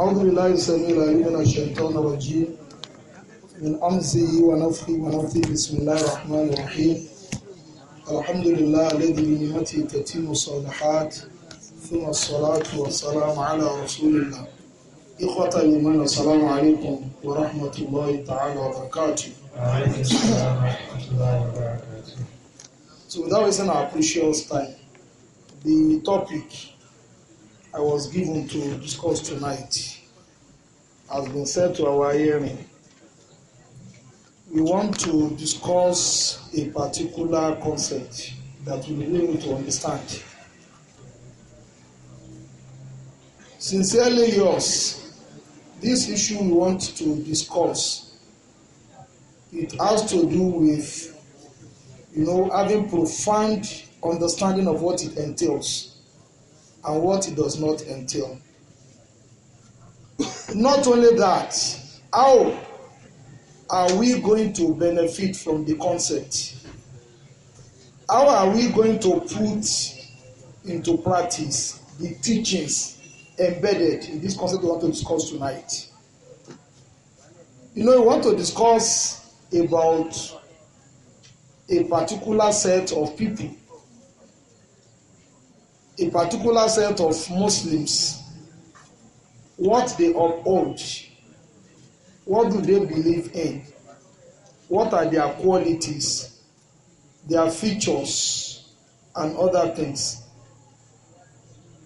أعوذ بالله السميع العليم من الشيطان الرجيم من أمزه ونفخه ونفخه بسم الله الرحمن الرحيم الحمد لله الذي بنعمته تتم الصالحات ثم الصلاة والسلام على رسول الله إخوة الإيمان السلام عليكم ورحمة الله تعالى وبركاته So without wasting our precious time, the topic I was given to discuss tonight has been set to our hearing. We want to discuss a particular concept that we need to understand. Sincerely yours, this issue we want to discuss, it has to do with, you know, having profound understanding of what it entails and what it does not entail. Not only that, how are we going to benefit from the concept? How are we going to put into practice the teachings embedded in this concept we want to discuss tonight? You know, we want to discuss about a particular set of people a particular set of Muslims, what they uphold, what do they believe in, what are their qualities, their features, and other things.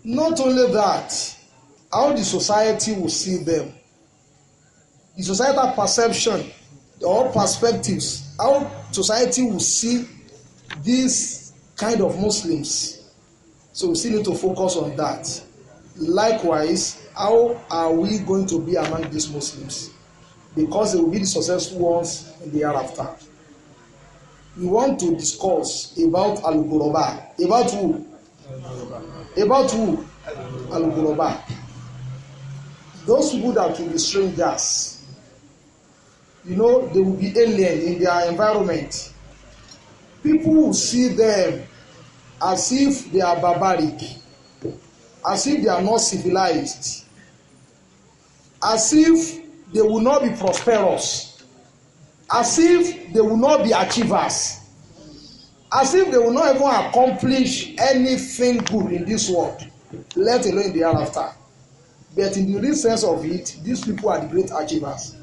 Not only that, how the society will see them, the societal perception or perspectives, how society will see these kind of Muslims So we still need to focus on that. Likewise, how are we going to be among these Muslims? Because they will be the successful ones in the year after. We want to discuss about Al About who? About who? Al Those people that will be strangers, you know, they will be alien in their environment. People will see them as if they are barbaric as if they are not civilized as if they will not be prosperous as if they will not be achievers as if they will not even accomplish anything good in this world let alone in the hereafter but in the real sense of it these people are the great achievers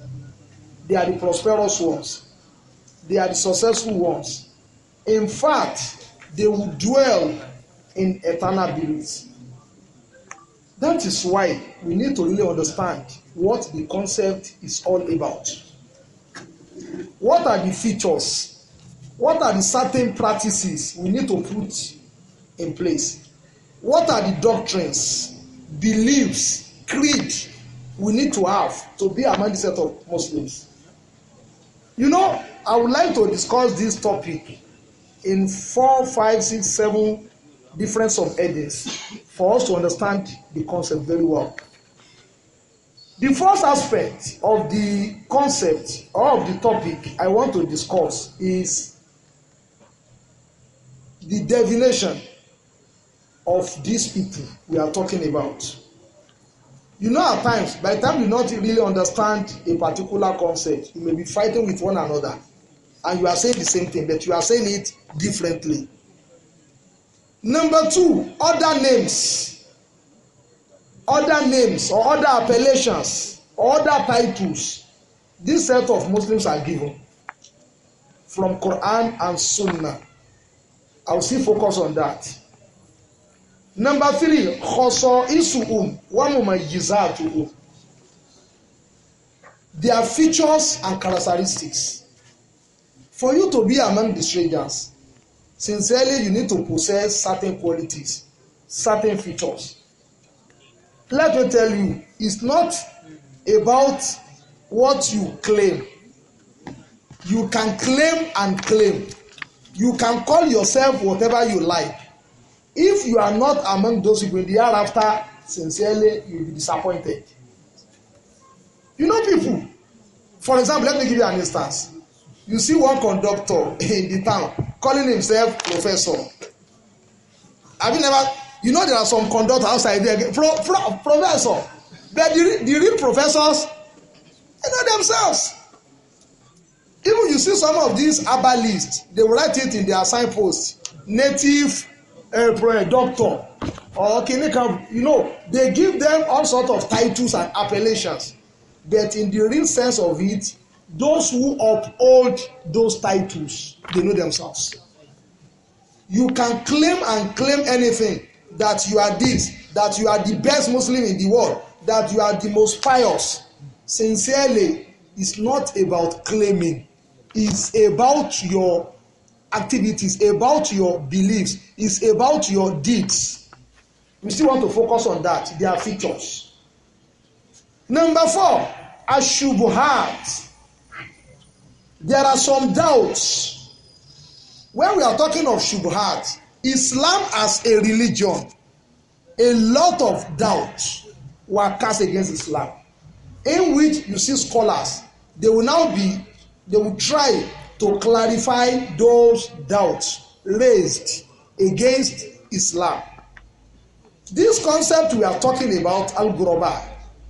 they are the prosperous ones they are the successful ones in fact they will dwell in eternal beauty. That is why we need to really understand what the concept is all about. What are the features? What are the certain practices we need to put in place? What are the doctrines, beliefs, creed we need to have to be among the set of Muslims? You know, I would like to discuss this topic in four five six seven different subheadings for us to understand the concept very well. The first aspect of the concept or of the topic I want to discuss is the divination of these people we are talking about. You know, at times, by the time you not really understand a particular concept, you may be fighting with one another and you are saying the same thing but you are saying it differently. Number two, other names, other names or other appellations or other titles this set of Muslims are given from Quran and Sunnah. I will still focus on that. Number three, Khoso Isu'um, Wamumayizatu'um. Their features and characteristics. For you to be among the strangers, sincerely you need to possess certain qualities, certain features. Let me tell you, it's not about what you claim. You can claim and claim. You can call yourself whatever you like. If you are not among those people in the hereafter, sincerely, you be disappointed. You know, people, for example, let me give you an instance you see one conductor in the town calling himself professor have you never you know there are some conductor outside there pro, pro, professor but the, the real professors they know themselves even you see some of these herbalists they write it in their signpost native uh, pro, eh, doctor or clinical you know they give them all sort of titles and appellations but in the real sense of it Those who uphold those titles, they know themselves. You can claim and claim anything that you are this, that you are the best Muslim in the world, that you are the most pious. Sincerely, it's not about claiming, it's about your activities, about your beliefs, it's about your deeds. We still want to focus on that. They are features. Number four, ashubuhat. There are some doubts. When we are talking of Shubhat, Islam as a religion, a lot of doubts were cast against Islam, in which you see scholars, they will now be, they will try to clarify those doubts raised against Islam. This concept we are talking about, Al Ghuraba,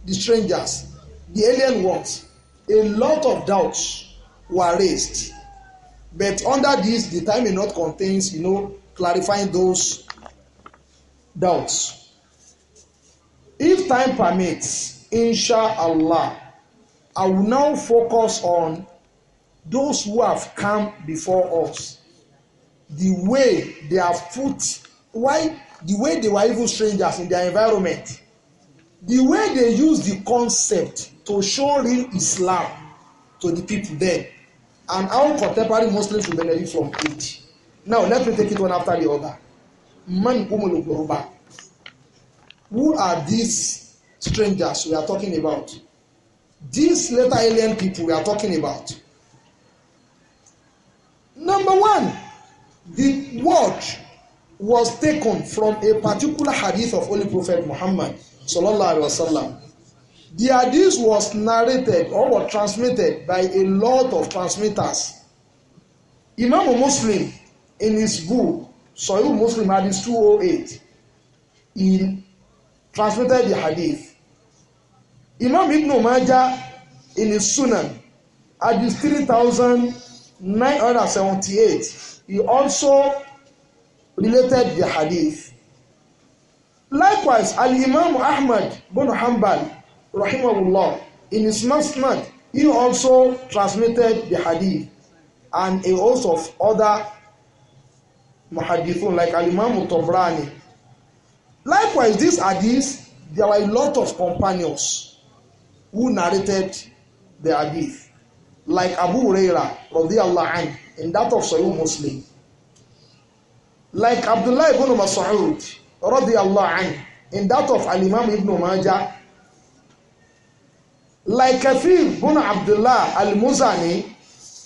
the strangers, the alien ones, a lot of doubts were raised. But under this, the time may not contains, you know, clarifying those doubts. If time permits, inshallah, I will now focus on those who have come before us, the way they have put, why, the way they were even strangers in their environment, the way they use the concept to show real Islam to the people there and how contemporary Muslims will benefit from it. Now, let me take it one after the other. Man, woman, Yoruba. Who are these strangers we are talking about? These later alien people we are talking about. Number one, the watch was taken from a particular hadith of Holy Prophet Muhammad sallallahu alaihi wasallam The hadith was narrated or was transmitted by a lot of transmitters. Imam Muslim in his book Sahih Muslim Hadith 208 he transmitted the hadith. Imam Ibn Majah in his Sunan Hadith 3978 he also related the hadith. Likewise, Al-Imam Ahmad bin Hanbal rahimahullah, in his Musnad, he also transmitted the hadith and a host of other muhadithun like Al-Imam Tabrani. Likewise, these hadiths, there were a lot of companions who narrated the hadith, like Abu Huraira radiallahu anhu, in that of Sahih Muslim. Like Abdullah ibn Mas'oud, radiallahu anhu, in that of al ibn Majah Like Kafir bin Abdullah al-Muzani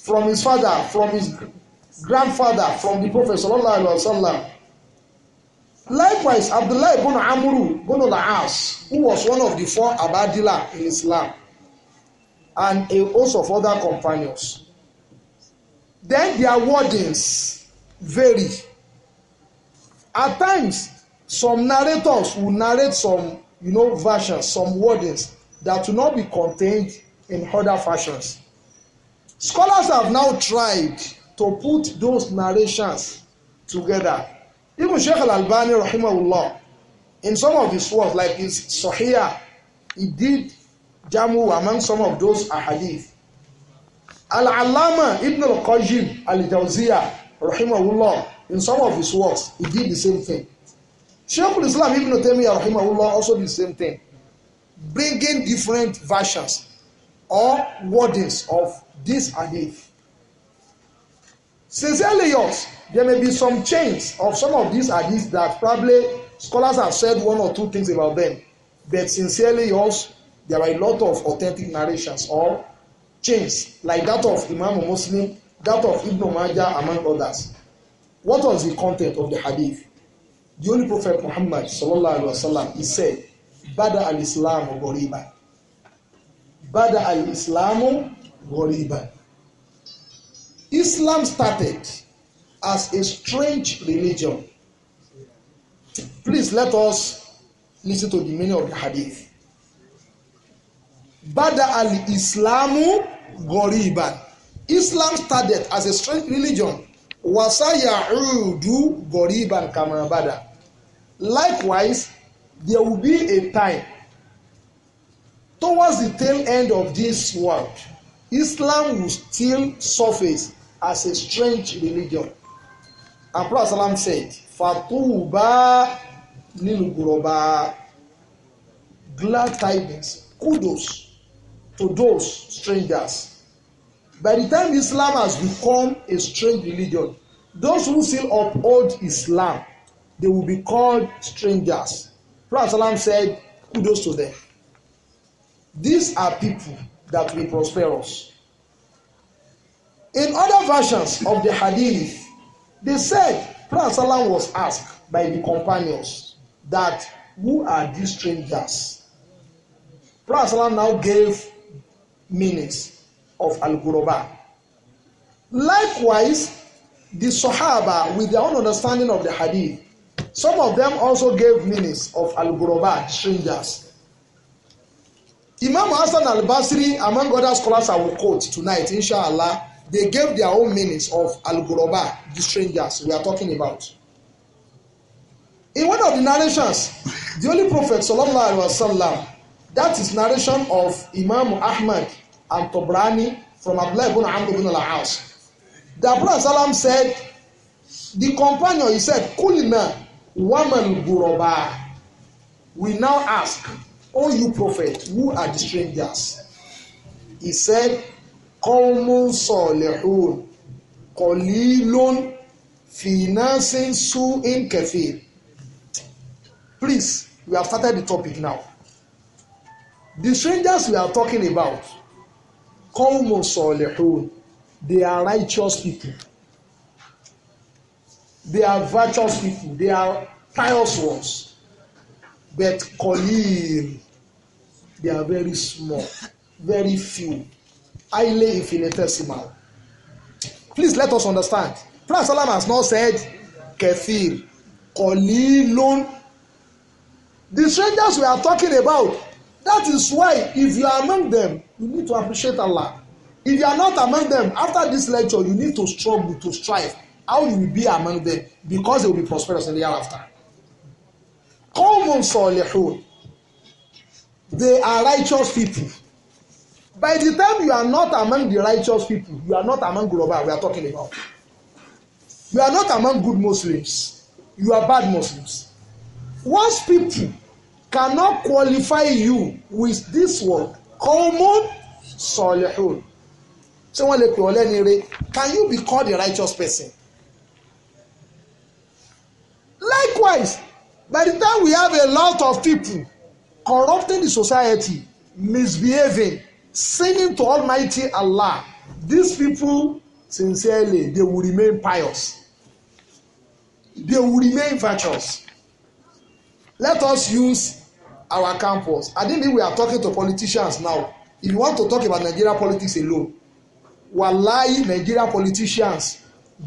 from his father, from his grandfather, from the Prophet sallallahu alaihi wasallam. Likewise, Abdullah ibn Amru ibn al-As, who was one of the four Abadila in Islam, and a host of other companions. Then their wordings vary. At times, some narrators will narrate some, you know, versions, some wordings that will not be contained in other fashions. Scholars have now tried to put those narrations together. Even Sheikh Al Albani, rahimahullah, in some of his works, like his Sahih, he did jamu among some of those ahadith. Al alama Ibn Al Qajib Al Jawziyah, rahimahullah, in some of his works, he did the same thing. Sheikh Al Islam Ibn Taymiyyah, rahimahullah, also did the same thing bringing different versions or wordings of this hadith. Sincerely yours, there may be some change of some of these hadiths that probably scholars have said one or two things about them, but sincerely yours, there are a lot of authentic narrations or changes like that of Imam Muslim, that of Ibn Majah, among others. What was the content of the hadith? The Holy Prophet Muhammad sallallahu alaihi wasallam he said bada alìsílámù gọ̀rìbà bada alìsílámù gọ̀rìbà Islam started as a strange religion please let us listen to the meaning of the hadith bada alìsílámù gọ̀rìbà Islam started as a strange religion wasaya udu kamar bada. likewise there will be a time towards the tail end of this world Islam will still surface as a strange religion and Prophet salam said fatuba niluguroba glad tidings kudos to those strangers by the time Islam has become a strange religion those who still uphold Islam they will be called strangers Prophet said, kudos to them. These are people that will prosper us. In other versions of the hadith, they said Prophet was asked by the companions that who are these strangers? Prophet now gave meanings of Al-Ghuraba. Likewise, the Sahaba, with their own understanding of the hadith, Some of them also gave meanings of Al-Ghuraba, strangers. Imam Hassan al-Basri, among other scholars I will quote tonight, inshallah, they gave their own meanings of Al-Ghuraba, the strangers we are talking about. In one of the narrations, the Holy Prophet sallallahu alaihi wasallam, that is narration of Imam Ahmad and Tobrani from Abdullah ibn Amr ibn al-As. The Prophet said, the companion, he said, Kulina Wamal Guroba. We now ask, O you prophet, who are the strangers? He said, Qawmun Salihun, Qalilun, Financing Su'in Kafir. Please, we have started the topic now. The strangers we are talking about, Qawmun Salihun, they are righteous people. They are virtuous people. They are pious ones. But Qaleel, they are very small, very few, highly infinitesimal. Please let us understand. Prophet Salam has not said Kathir, Qalilun. The strangers we are talking about, that is why if you are among them, you need to appreciate Allah. If you are not among them, after this lecture, you need to struggle, to strive how you will be among them because they will be prosperous in the year after? Common salihun. They are righteous people. By the time you are not among the righteous people, you are not among Global, we are talking about. You are not among good Muslims. You are bad Muslims. Once people cannot qualify you with this word, common salihun. Ṣé wọ́n lè pè Can you be called a righteous person? Likewise, by the time we have a lot of people corrupting the society, misbehaving, sinning to Almighty Allah, these people, sincerely, they will remain pious. They will remain virtuous. Let us use our campus. I think we are talking to politicians now. If you want to talk about Nigeria politics alone, wallahi, Nigeria politicians,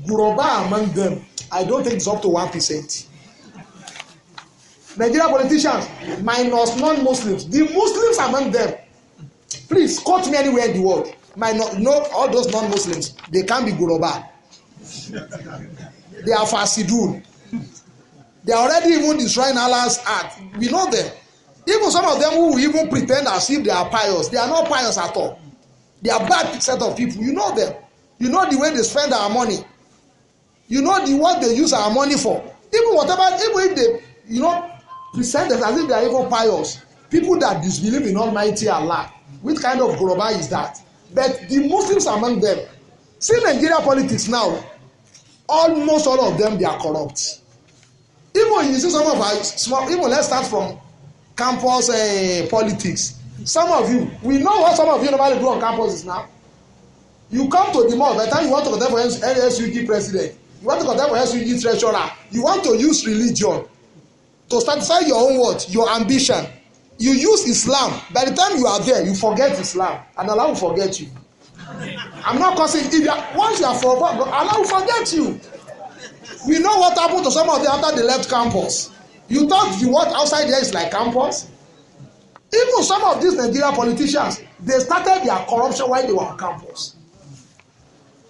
Guroba among them, I don't think it's up to one percent. Nigeria politicians minus non-Muslims the Muslims among them please quote me anywhere in the world minus no, all those non-Muslims they can be Goroba they are Fasidun they already even destroying Allah's earth we know them even some of them who even pretend as if they are pious they are not pious at all they are bad set of people you know them you know the way they spend our money you know the what they use our money for even whatever even if they you know present themselves as if they are even pious people that disbelieve in Almighty Allah which kind of goroba is that but the Muslims among them see Nigeria politics now almost all of them they are corrupt even you see some of our small even let's start from campus uh, politics some of you we know what some of you normally do on campuses now you come to the mall by the time you want to contest for NSUG president you want to contest for NSUG treasurer you want to use religion to satisfy your own what your ambition you use Islam by the time you are there you forget Islam and Allah will forget you I'm not cursing if you are once you are for Allah will forget you we know what happened to some of them after they left campus you thought the world outside there is like campus even some of these Nigeria politicians they started their corruption while they were on campus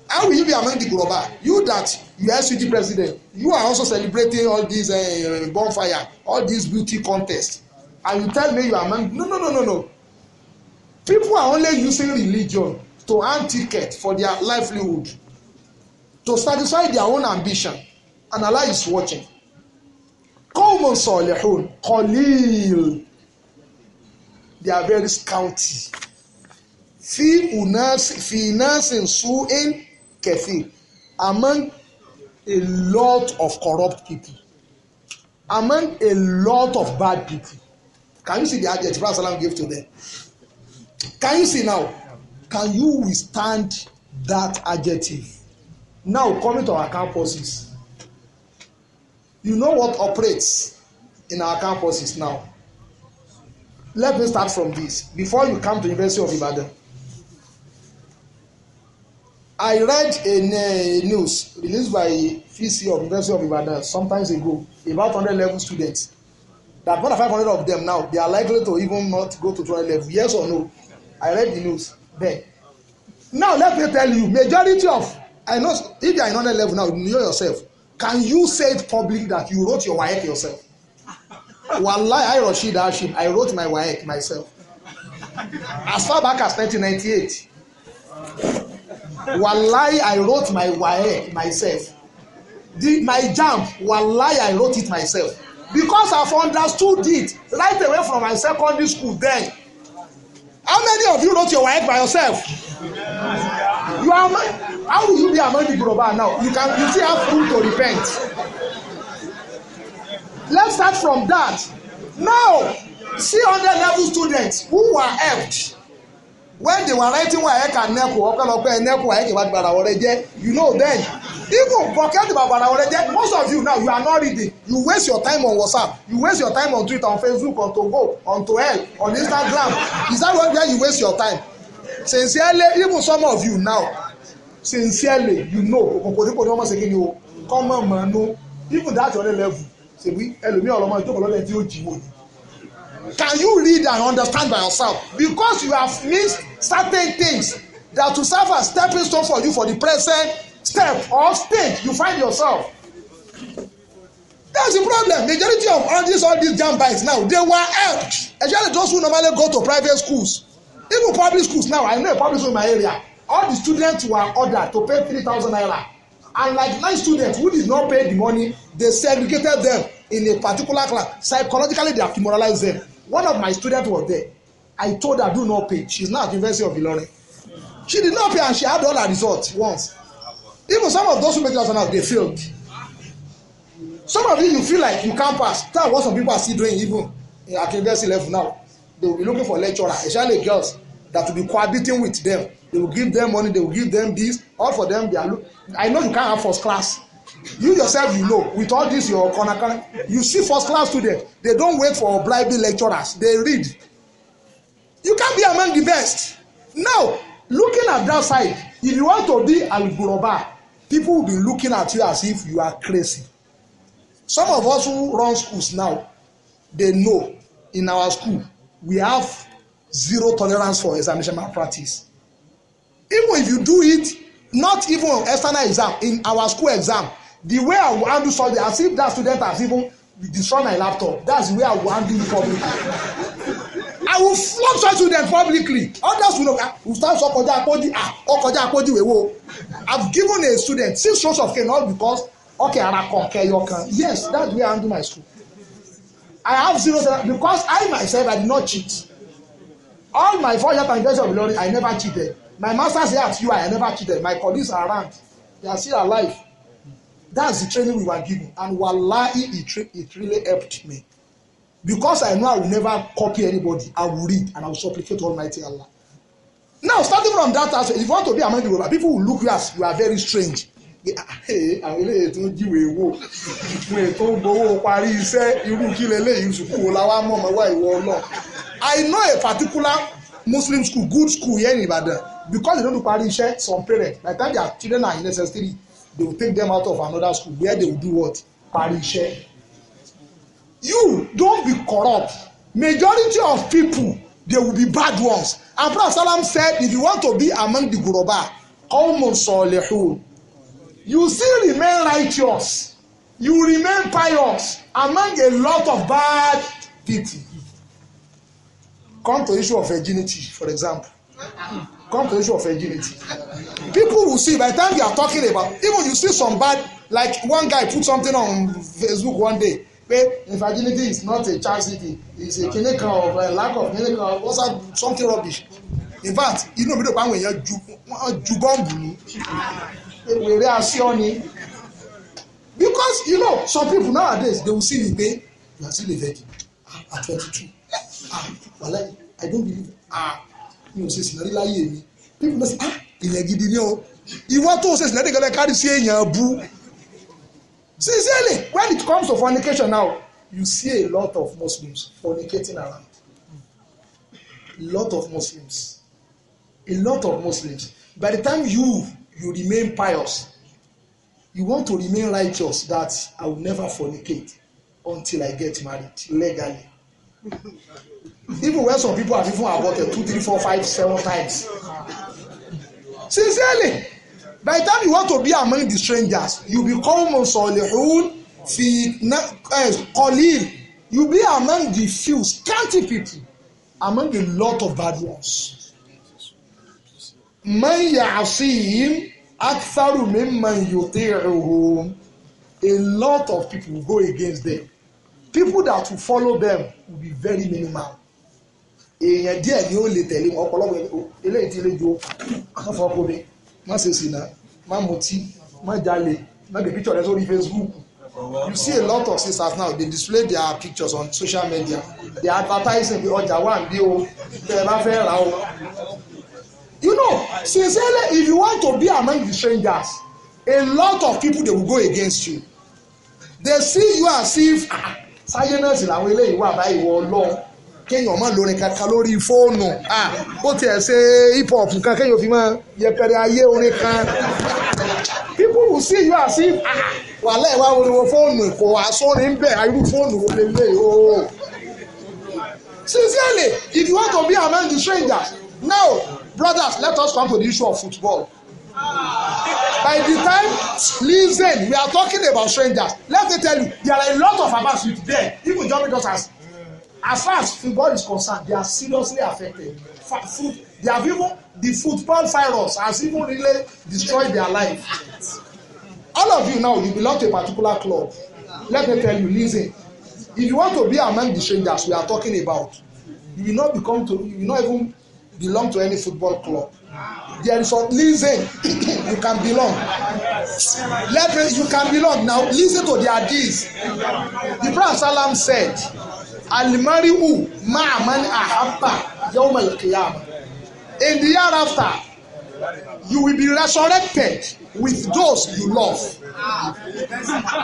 how will you be among the global you that SUT president you are also celebrating all these uh, bonfire all these beauty contest and you tell me you are man no no no no no people are only using religion to earn ticket for their livelihood to satisfy their own ambition and Allah is watching Common salihun qalil they are very scanty fi unas fi nasin su'in kathir among a lot of corrupt people among a lot of bad people can you see the adjective Rasalam gave to them can you see now can you withstand that adjective now coming to our campuses you know what operates in our campuses now let me start from this before you come to University of Ibadan I read a, news released by FISI of University of Ibadan sometimes ago about 100 level students that more than 500 of them now they are likely to even not go to 200 level yes or no I read the news there now let me tell you majority of I know if you are in 100 level now you know yourself can you say it publicly that you wrote your WAEC yourself wallahi I Rasheed Hashim I wrote my WAEC myself as far back as 1998 wallahi i wrote my waec myself the my jamb wallahi i wrote it myself because i've understood it right away from my secondary school then how many of you wrote your waec by yourself you are how will you be among the now you can you still have room to repent let's start from that now see other level students who were helped when they were writing WAEC and NECO ọpẹ́lọpẹ́ NECO WAEC ìwádìí bàrà ọ̀rẹ́ jẹ́ you know then even forget about bàrà ọ̀rẹ́ jẹ́ most of you now you are not reading you waste your time on WhatsApp you waste your time on Twitter on Facebook on Togo on toel on Instagram is that where you waste your time sincerely even some of you now sincerely you know òkòkòdìpọ̀ ni wọ́n mọ̀ sí o common man no even that your level ṣèbí ẹlòmíì ọ̀rọ̀ ìjókòó lọ́dẹ̀ tí ó jì wò ni can you read and understand by yourself because you have missed certain things that to serve as stepping stone for you for the present step or stage you find yourself. That's the problem. Majority of all these all these jam bites now, they were helped. Especially those who normally go to private schools. Even public schools now, I know a public school in my area. All the students were ordered to pay three thousand naira. And like nine students who did not pay the money, they segregated them in a particular class. Psychologically, they have demoralized them. One of my students was there. I told her do not pay. She's now at the University of Ilorin. She did not pay and she had all her results once. Even some of those who make it out now they failed. Some of you you feel like you can't pass. That's what some people are still doing even at university level now. They will be looking for lecturers, especially girls that will be cohabiting with them. They will give them money, they will give them this. All for them, they are look. I know you can't have first class. You yourself, you know, with all this, your corner, you see first class students, they don't wait for bribing lecturers, they read You can't be among the best. Now, looking at that side, if you want to be Al people will be looking at you as if you are crazy. Some of us who run schools now, they know in our school we have zero tolerance for examination malpractice. Even if you do it, not even on external exam, in our school exam, the way I will handle something, as if that student has even destroyed my laptop, that's the way I will handle the problem. I will flog you them publicly. Others will know. Ah, Ustaz Okoja Apoji, ah, Okoja Apoji Wewo. I've given a student six rows of cane all because, okay, Arako, Keyokan. Yes, that's where I do my school. I have zero because I myself, I did not cheat. All my four years and years of glory, I never cheated. My masters here at UI, I never cheated. My colleagues are around. They are still alive. That's the training we were given. And wallahi, it really helped me because I know I will never copy anybody, I will read and I will supplicate Almighty Allah. Now, starting from that aspect, if you want to be among the people will look you as you are very strange. àwọn eléyìí tó ń jíwèé wò fún ètò gbowó parí iṣẹ́ irú kí leléyìí sùkúù wo la wá mọ̀ mọ́ wá ìwọ náà. I know a particular Muslim school, good school here in Ibadan, because they don't parí iṣẹ́ some parents by the time their children are in SS3, they will take them out of another school where they will do what? Parí iṣẹ́ you don't be corrupt majority of people they will be bad ones and prophet salam said if you want to be among the guruba qawmun salihun you still remain righteous you remain pious among a lot of bad people come to issue of virginity for example come to issue of virginity people will see by the time you are talking about even you see some bad like one guy put something on facebook one day pé infertility is not a chastity It's a kìnnì of uh, lack of kìnnì of what's that something rubbish in fact inú mi dò pé àwọn èèyàn ju wọ́n ju bọ́ǹbù ni wèrè aṣọ ni because you know some people nowadays they will see me pé you are still a virgin ah, at twenty two ah wàhálà i don't believe ah mi ò ṣe sinari láyé mi people know say ah ìyẹn gidi ni o ìwọ́n tó ṣe sinari gẹ́gẹ́ kárí sí èèyàn bú sincerely when it comes to fornication now you see a lot of muslims fornicating around a lot of muslims a lot of muslims by the time you you remain pious you want to remain righteous that i will never fornicate until i get married legally even when some people have even aborted two three four five seven times sincerely by the time you want to be among the strangers you become musolihun fitna khalil eh, you be among the few scanty people among the lot of bad ones. man ya'asihim aktharu mimman yuti'uhum a lot of people will go against them people that will follow them will be very minimal èèyàn díẹ̀ ni ó lè tẹ̀lé wọn ọ̀pọ̀lọpọ̀ eléyìí tí lè jo akẹ́fọ̀ọ́ kó mi má ṣe sìnà má mutí má jalè má gbé picture rẹ sórí Facebook you see a lot of sisters now they display their pictures on social media they advertising pé ọjà wà níbí o tẹ bá fẹ́ rà o you know sincerely if you want to be among the strangers a lot of people dey go against you they see you as if ah, sayé náà làwọn eléyìí wà báyìí wọ Ọlọ́run kéèyàn má lórin kankan lórí fóònù ah. bó tiẹ̀ ṣe hip hop kan kéèyàn fi máa yẹpẹrẹ ayé orin kan people will see you as if ah, wàhálà ìwà oríwo fóònù kò wá sórí ń bẹ̀ irú fóònù wo lè lè sincerely if you want to be among the strangers now brothers let us come to the issue of football. By the time, listen, we are talking about strangers. Let me tell you, there are a lot of about with there, even John just as as far as football is concerned they are seriously affected Fa food they have even the football virus has even really destroyed their life all of you now you belong to a particular club let me tell you listen if you want to be among the strangers we are talking about you will not become to you will not even belong to any football club there is a listen you can belong let me you can belong now listen to their deeds the prophet salam said man, ma'aman ahabba yawmal qiyamah in the year after you will be resurrected with those you love.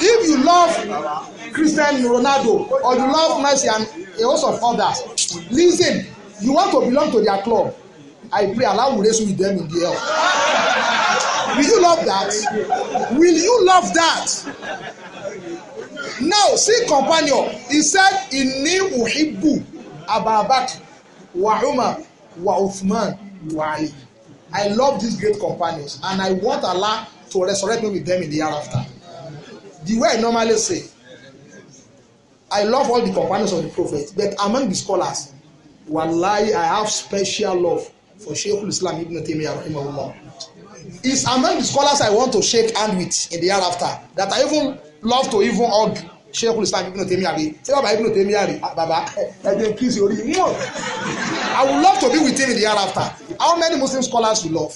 If you love Christian Ronaldo or you love Messi and a host of others, listen, you want to belong to their club. I pray Allah will raise you with them in the hell. Will you love that? Will you love that? Now, see companion, he said, Inni uhibbu Ababaki wa Umar wa I love these great companions and I want Allah to resurrect me with them in the year after. The way I normally say, I love all the companions of the Prophet, but among the scholars, wallahi, I have special love for Sheikh Islam Ibn Taymiyyah rahimahullah. is among the scholars I want to shake hand with in the year after. that I even love to even hug sheikh islam ibn taymiyyah re ṣé bàbá ibn taymiyyah re ah, bàbá ẹ̀jẹ̀ kiss orí wọn i would love to be with him in the year after. how many muslim scholars you love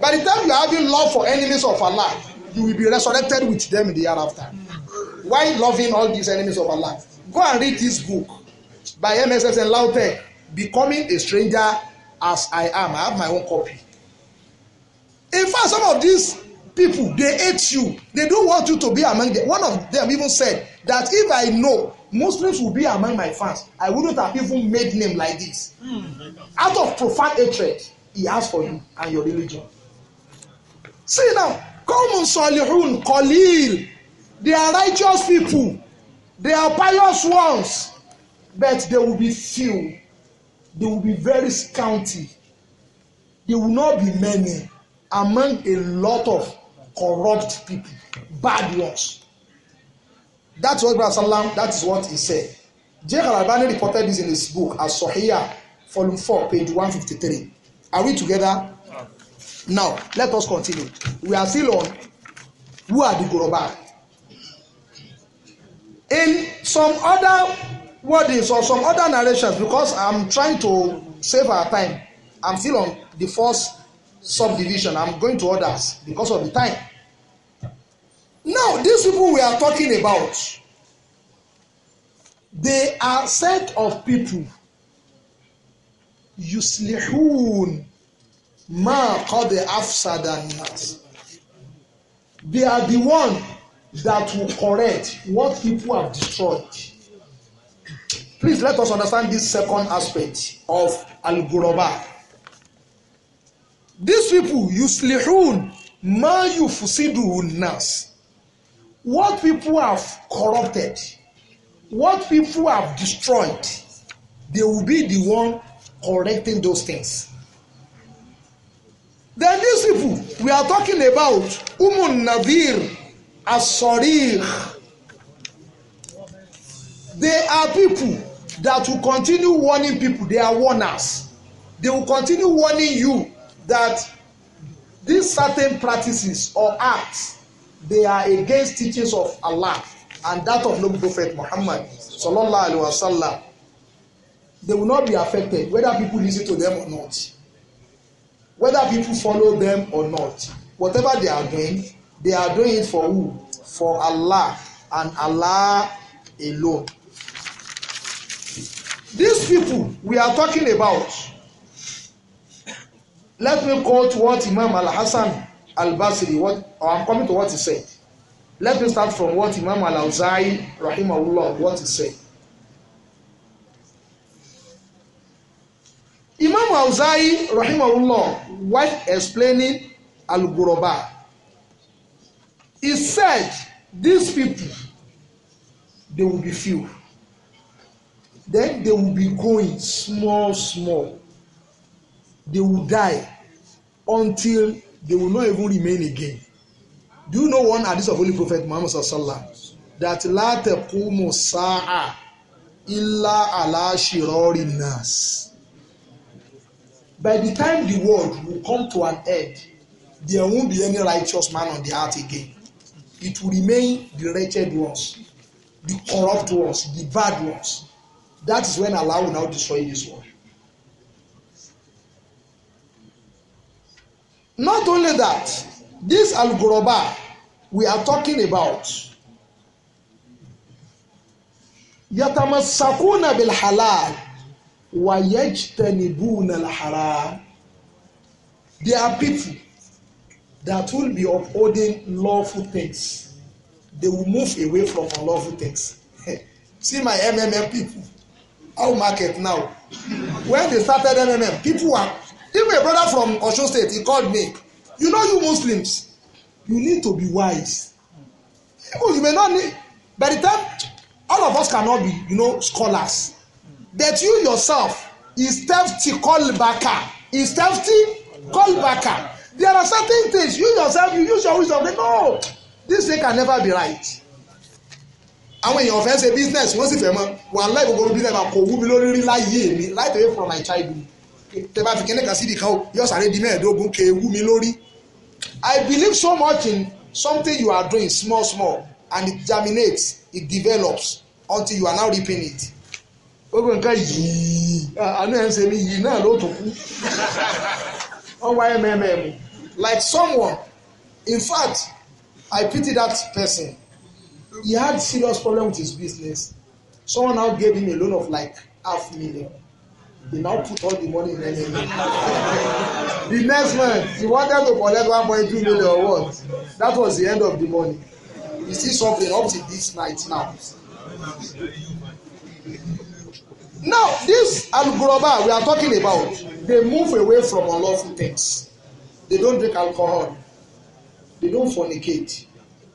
by the time you are having love for enemies of allah you will be resurrected with them in the year after. why loving all these enemies of allah go and read this book by mssn lautech becoming a stranger as i am i have my own copy in fact some of these people they hate you they don't want you to be among them one of them even said that if i know muslims will be among my fans i wouldn't have even made name like this mm. out of profound hatred he has for you and your religion see now common solihun khalil they are righteous people they are pious ones but they will be few they will be very scanty they will not be many among a lot of corrupt people, bad ones. That's what Brother Salam, that is what he said. Sheikh Al-Albani reported this in his book as Sahih, volume Four, page One Fifty Three. Are we together? Now, let us continue. We are still on who are the Goroba. In some other wordings or some other narrations, because I'm trying to save our time, I'm still on the first subdivision. I'm going to others because of the time. Now, these people we are talking about, they are set of people. Yuslihun ma qad afsada nas. They are the one that will correct what people have destroyed. Please let us understand this second aspect of Al-Ghuraba. These people, Yuslihun ma yufusidun nas What people have corrupted, what people have destroyed, they will be the one correcting those things. Then these people we are talking about Umun Nadir Asarih. They are people that will continue warning people. They are warners. They will continue warning you that these certain practices or acts they are against teachings of Allah and that of noble prophet Muhammad sallallahu alaihi wasallam they will not be affected whether people listen to them or not whether people follow them or not whatever they are doing they are doing it for who for Allah and Allah alone these people we are talking about let me quote what Imam Al-Hasan al-Basri what or I'm coming to what he said let me start from what Imam al-Awza'i rahimahullah what he said Imam al-Awza'i rahimahullah while explaining al guraba he said these people they will be few then they will be going small small they will die until they will not even remain again. Do you know one hadith of Holy Prophet Muhammad sallallahu that la taqumu sa'a illa ala shirari nas. By the time the world will come to an end, there won't be any righteous man on the earth again. It will remain the wretched ones, the corrupt ones, the bad ones. That is when Allah will now destroy this world. Not only that, this Al we are talking about. Yatamasakuna bil halal wa yajtanibuna al haram. They are people that will be upholding lawful things. They will move away from unlawful things. See my MMM people. How market now? When they started MMM, people were even a brother from Osun State he called me you know you Muslims you need to be wise Even you may not need by the time all of us cannot be you know scholars that you yourself is call kolbaka is call kolbaka there are certain things you yourself you use your wisdom say no this thing can never be right àwọn èèyàn fẹ́ ṣe business wọ́n sì fẹ́ mọ́ wàhálà ìgbòho business àkọ́wú mi lórí rí láyé mi right away from my childhood tẹ bá fi kíní kan síbi kan o sáré di mẹ́ẹ̀ẹ́dógún kè wú mi lórí. I believe so much in something you are doing small small and it germinates it develops until you are now reaping it. gbogbo nǹkan yìí àánú ẹ̀ ń ṣe mí yìí náà ló tún kú wọ́n wáyé mẹ́mẹ́ẹ̀mù like someone in fact I pity that person he had serious problem with his business someone now gave him a loan of like half million he now put all the money in NNA. the next month he wanted to collect one point two million or what that was the end of the money he still suffering up to this night now. now this alugoroba we are talking about dey move away from unlawful things they don drink alcohol they don fornicate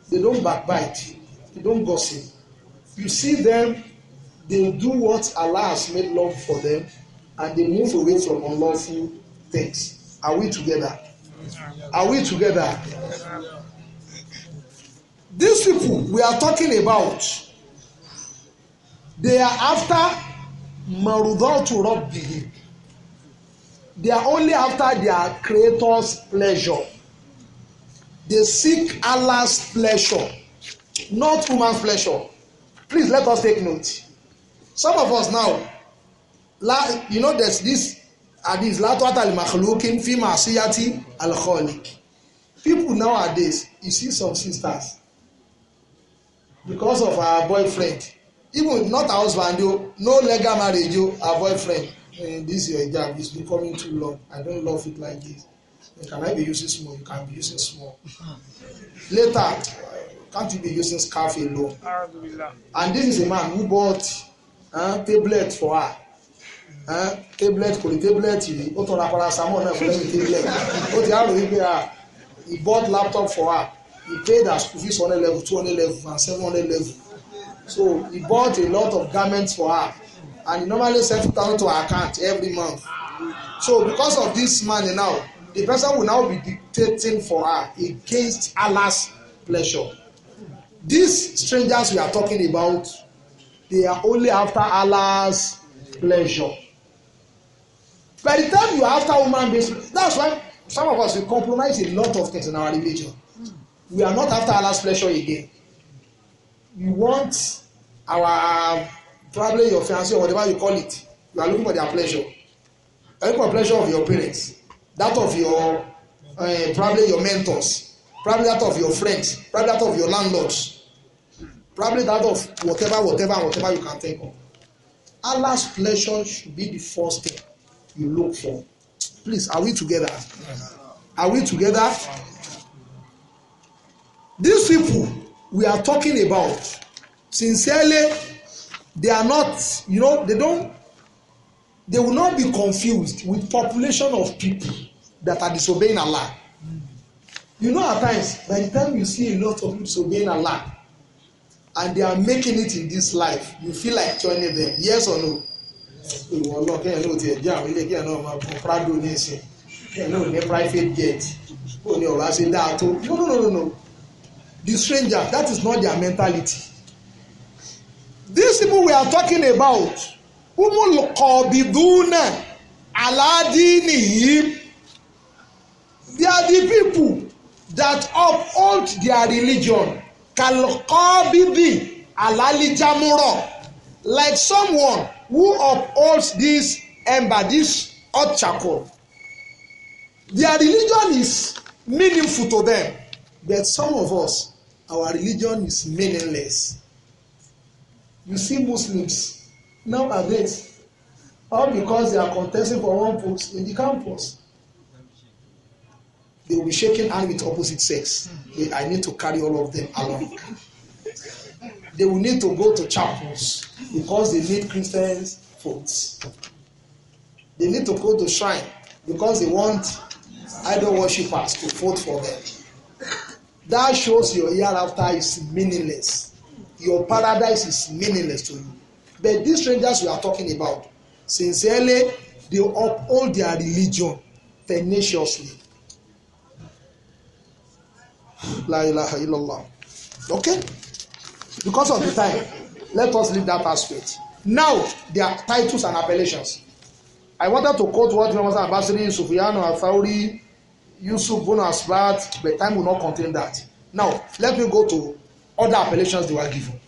they don backbite they don gossip you see them they do what Allah has made love for them and they move away from unlawful things. Are we together? Are we together? These people we are talking about, they are after Marudal to rob the. They are only after their creator's pleasure. They seek Allah's pleasure, not human pleasure. Please let us take note. Some of us now, la you know there's this hadith la tó àtàlì makhlukin fi ma'asiyati alcoholic people nowadays you see some sisters because of her boyfriend even not her husband o oh, no legal marriage o oh, her boyfriend eh, this your exam is becoming too long i don't love it like this you eh, can I be using small you can be using small later can't you be using scarf alone and this is a man who bought uh, tablet for her tablet kò ní tablet rí ó tọrọ paracetamol náà fún lẹ́yìn tablet ó ti àrò wípé he bought laptop for her he paid her school fees hundred level two hundred level and seven hundred level so he bought a lot of garments for her and he normally send two thousand to her account every month so because of this money now the person will now be dictating for her against Allah's pleasure these strangers we are talking about they are only after Allah's pleasure By the time you are after human beings, that's why some of us we compromise a lot of things in our religion. We are not after Allah's pleasure again. We want our probably your fiancé or whatever you call it. You are looking for their pleasure. You are looking for pleasure of your parents, that of your uh, probably your mentors, probably that of your friends, probably that of your landlords, probably that of whatever, whatever, whatever you can think of. Allah's pleasure should be the first thing you look for. Please, are we together? Are we together? These people we are talking about, sincerely, they are not, you know, they don't, they will not be confused with population of people that are disobeying Allah. You know, at times, by the time you see a lot of people disobeying Allah, and they are making it in this life, you feel like joining them, yes or no? ìwọ lọ kẹ́yìn náà ti ẹ̀jẹ̀ àwọn ilé kẹ́yìn náà máa fún prado ní ìsìn kẹ́yìn náà ní private jet kò ní ọ̀rọ̀ àṣẹ dáa tó no no no no no the stranger that is not their mentality This people we are talking about umulukọbiduna aladini yìí they are the people that uphold their religion kalkọbidi alalijamurọ like someone who upholds this ember, this hot charcoal. Their religion is meaningful to them, but some of us, our religion is meaningless. You see Muslims now nowadays, all because they are contesting for one post in the campus. They will be shaking hands with opposite sex. I need to carry all of them along they will need to go to chapels because they need Christians' votes. They need to go to shrine because they want idol worshippers to vote for them. That shows your year after is meaningless. Your paradise is meaningless to you. But these strangers we are talking about, sincerely, they uphold their religion tenaciously. La ilaha illallah. Okay? because of the time let us leave that aspect now there are titles and appellations i wanted to quote what imam hasan abasiri sufiyanu athauri yusuf bono asbat but time will not contain that now let me go to other appellations they were given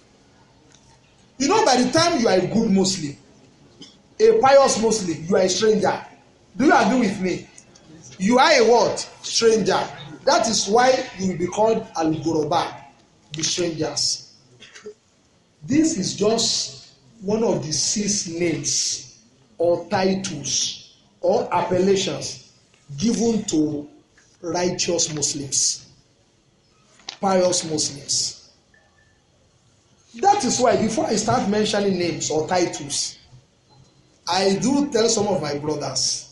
you know by the time you are a good muslim a pious muslim you are a stranger do you agree with me you are a what stranger that is why you will be called al-goroba the strangers This is just one of the six names or titles or appellations given to righteous Muslims, pious Muslims. That is why before I start mentioning names or titles, I do tell some of my brothers,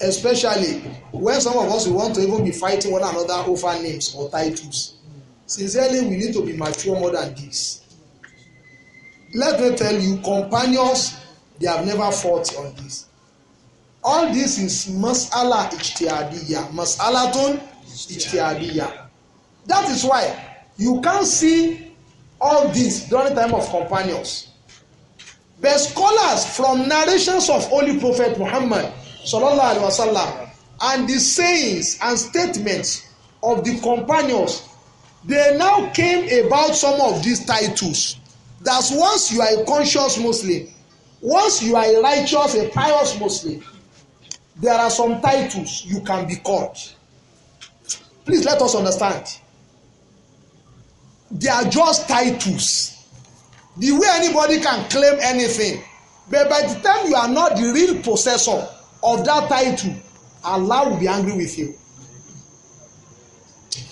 especially when some of us we want to even be fighting one another over names or titles. Sincerely, we need to be mature more than this let me tell you companions they have never fought on this all this is masala ijtihadiya masalatun ijtihadiya that is why you can see all this during the time of companions but scholars from narrations of holy prophet muhammad sallallahu alaihi wasallam and the sayings and statements of the companions they now came about some of these titles that once you are a conscious Muslim, once you are a righteous, a pious Muslim, there are some titles you can be called. Please let us understand. They are just titles. The way anybody can claim anything, but by the time you are not the real possessor of that title, Allah will be angry with you.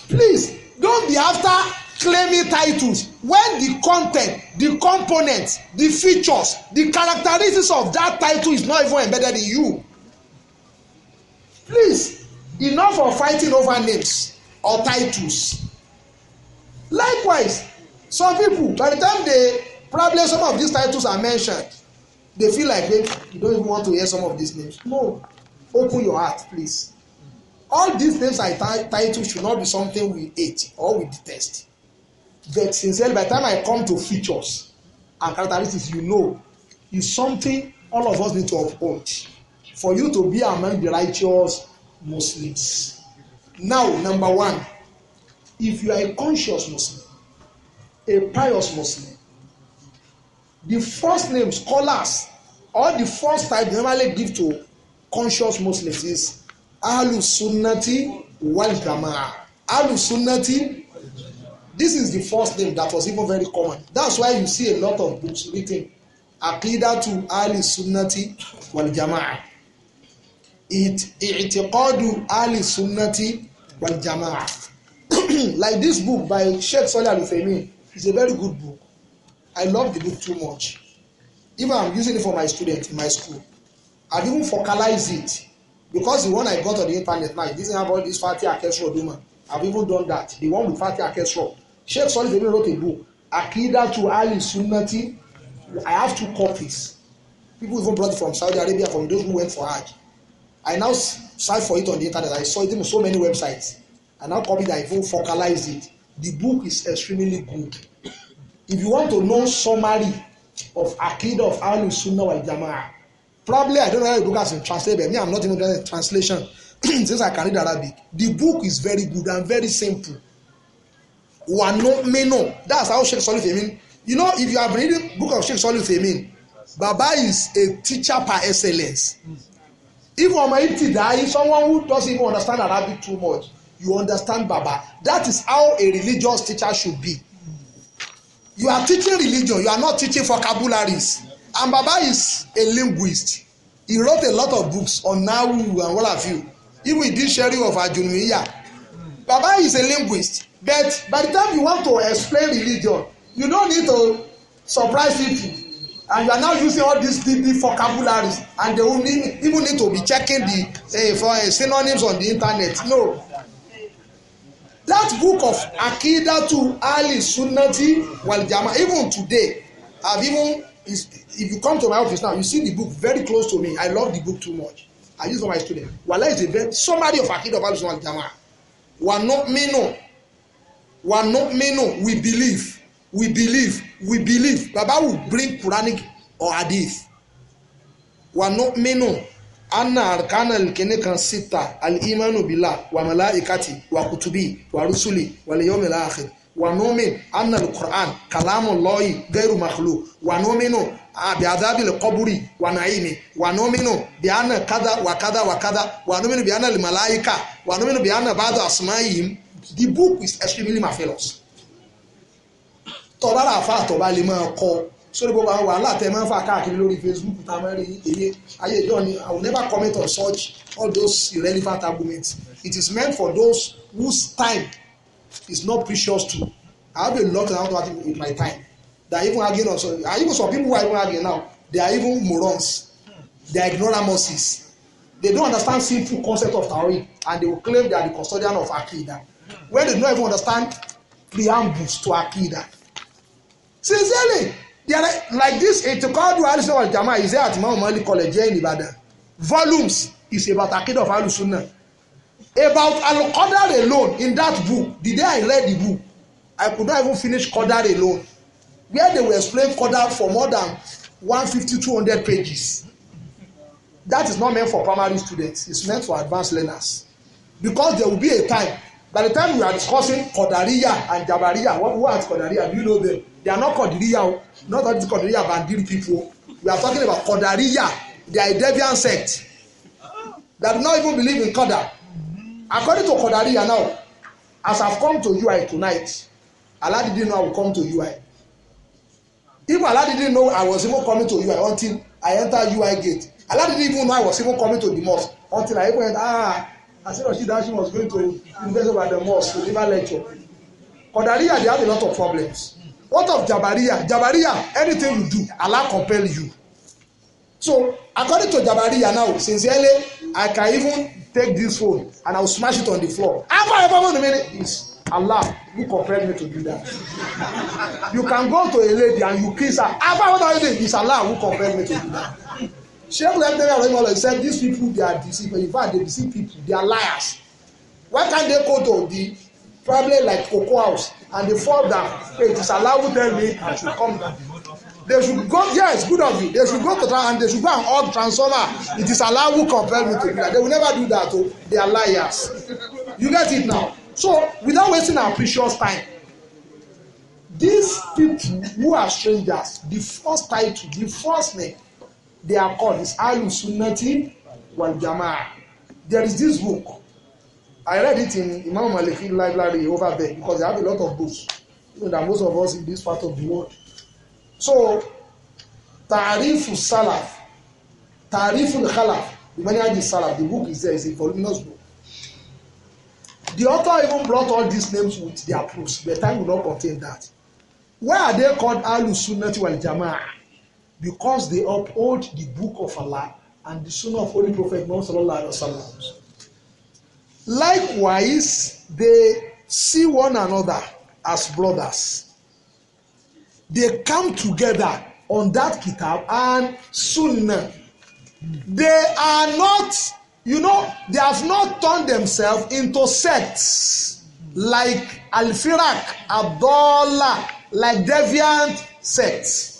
Please don't be after claiming titles when the content the components the features the characteristics of that title is not even embedded in you please enough of fighting over names or titles likewise some people by the time they probably some of these titles are mentioned they feel like hey you don't even want to hear some of these names no open your heart please all these names and titles should not be something we hate or we detest that sincerely by the time I come to features and characteristics you know is something all of us need to uphold for you to be among the righteous Muslims. Now number one if you are a conscious Muslim a pious Muslim the first name scholars or the first type they normally give to conscious Muslims is Alusunati sunnati wal jamaa ahlu this is the first name that was even very common that's why you see a lot of books written aqidatu ali sunnati wal jamaa i'tiqadu ali sunnati wal jamaa like this book by sheikh soli alufemi is a very good book i love the book too much even i'm using it for my students in my school i even focalize it because the one i got on the internet now it doesn't have all this fatty akesro duma i've even done that the one with fatty akesro Sheikh Soli Femi wrote a book, Akida to Ali Sunnati. I have two copies. People even brought it from Saudi Arabia, from those who went for Hajj. I now searched for it on the internet. I saw it in so many websites. I now copied it, I even focalize it. The book is extremely good. If you want to know summary of Akida of Ali Sunnah wal Jama'ah, probably I don't know how to do that in translation. but me, I'm not even doing translation since I can read Arabic. The book is very good and very simple. Wanuminu. That's how Sheikh Salih Femin. You know, if you have reading book of Sheikh Salih Femin, Baba is a teacher par excellence. If Omar Ibtidai, someone who doesn't even understand Arabic too much, you understand Baba. That is how a religious teacher should be. You are teaching religion, you are not teaching vocabularies. And Baba is a linguist. He wrote a lot of books on Nahu and all of you. Even he did sharing of Ajunmiya. Baba is a linguist But by the time you want to explain religion, you don't need to surprise people. And you are now using all these deep, deep vocabularies, and they will need, even need to be checking the uh, for uh, synonyms on the internet. No. That book of Akida to Ali Sunnati Waljama. even today, I've even if you come to my office now, you see the book very close to me. I love the book too much. I use it for my students. Wala is a very summary of Akida of Ali Sunnati Wal Jama. Wa no minu wa nu'minu we believe we believe we believe baba will bring quranic or hadith wa nu'minu anna arkana alkini kan sita al'imanu bila wa mala'ikati wa kutubi wa rusuli wa liyomi la'akhir wa nu'min anna Quran kalamu loyi gairu makhlu wa nu'minu bi adhabil qabri wa na'imi wa nu'minu bi anna kadha wa kadha wa kadha wa nu'minu bi anna limalaika. malaika wa nu'minu bi anna ba'du asma'ihim the book is extremely marvelous tọ́lá làáfà àtọ̀bá lè máa kọ sórí gbogbo àwọn wàhálà tẹ máa ń fà káàkiri lórí Facebook tá a máa rí èyí ayé ìjọ ni I will never comment on such all those irrelevant arguments it is meant for those whose time is not precious to I have a lot of time with my time they are even arguing on some and even some people who are even arguing now they are even morons they are ignoramuses they don't understand simple concept of tawhid and they will claim they are the custodian of akida Where they don't even understand preambles to akida sincerely they are like, like this etikadu eh, alisun al jama is there at Imam Malik college here in Ibadan volumes is about akida of alusuna about al-qadar alone in that book the day I read the book I could not even finish qadar alone where they were explain qadar for more than one fifty two hundred pages that is not meant for primary students it's meant for advanced learners because there will be a time by the time you are discussing Qadariya and Jabariya what who are Qadariya do you know them they are not Qadiriya o not that these Qadiriya bandiri people we are talking about Qadariya they are a deviant sect They do not even believe in Koda. according to Qadariya now as I come to UI tonight Allah didn't know I will come to UI even Allah didn't know I was even coming to UI until I enter UI gate Allah didn't even know I was even coming to the mosque until I even ah I said Rashida she was going to invest of the Mosque to deliver lecture. Qadariya they have a lot of problems. What of Jabariya? Jabariya anything you do Allah compel you. So according to Jabariya now sincerely I can even take this phone and I will smash it on the floor. How far ever one minute is Allah who compelled me to do that. you can go to a lady and you kiss her. How far ever one minute is Allah who compelled me to do that. Sheikh Lantana Rahimahullah said these people they are deceiving. in fact they deceive people they are liars why can't they go to the probably like cocoa house and they fall down hey, it is allowed them me and should come down they should go yes good of you they should go to and they should go and hug transformer it is allowed compel me to do that they will never do that o oh. they are liars you get it now so without wasting our precious time these people who are strangers the first title the first name They are called is Alu Sunnati wal Jamaa. There is this book. I read it in Imam Maliki library over there because they have a lot of books. You know that most of us in this part of the world. So, Tarifu Salaf, Tarifu Khalaf, the Manhaj Salaf, the book is there, it's a voluminous book. The author even brought all these names with their proofs, but time will not contain that. Why are they called Alu Sunnati wal Jamaa? because they uphold the book of Allah and the sunnah of Holy Prophet Muhammad sallallahu alaihi wasallam. Likewise, they see one another as brothers. They come together on that kitab and sunnah. They are not, you know, they have not turned themselves into sects like Al-Firak, Abdullah, like deviant sects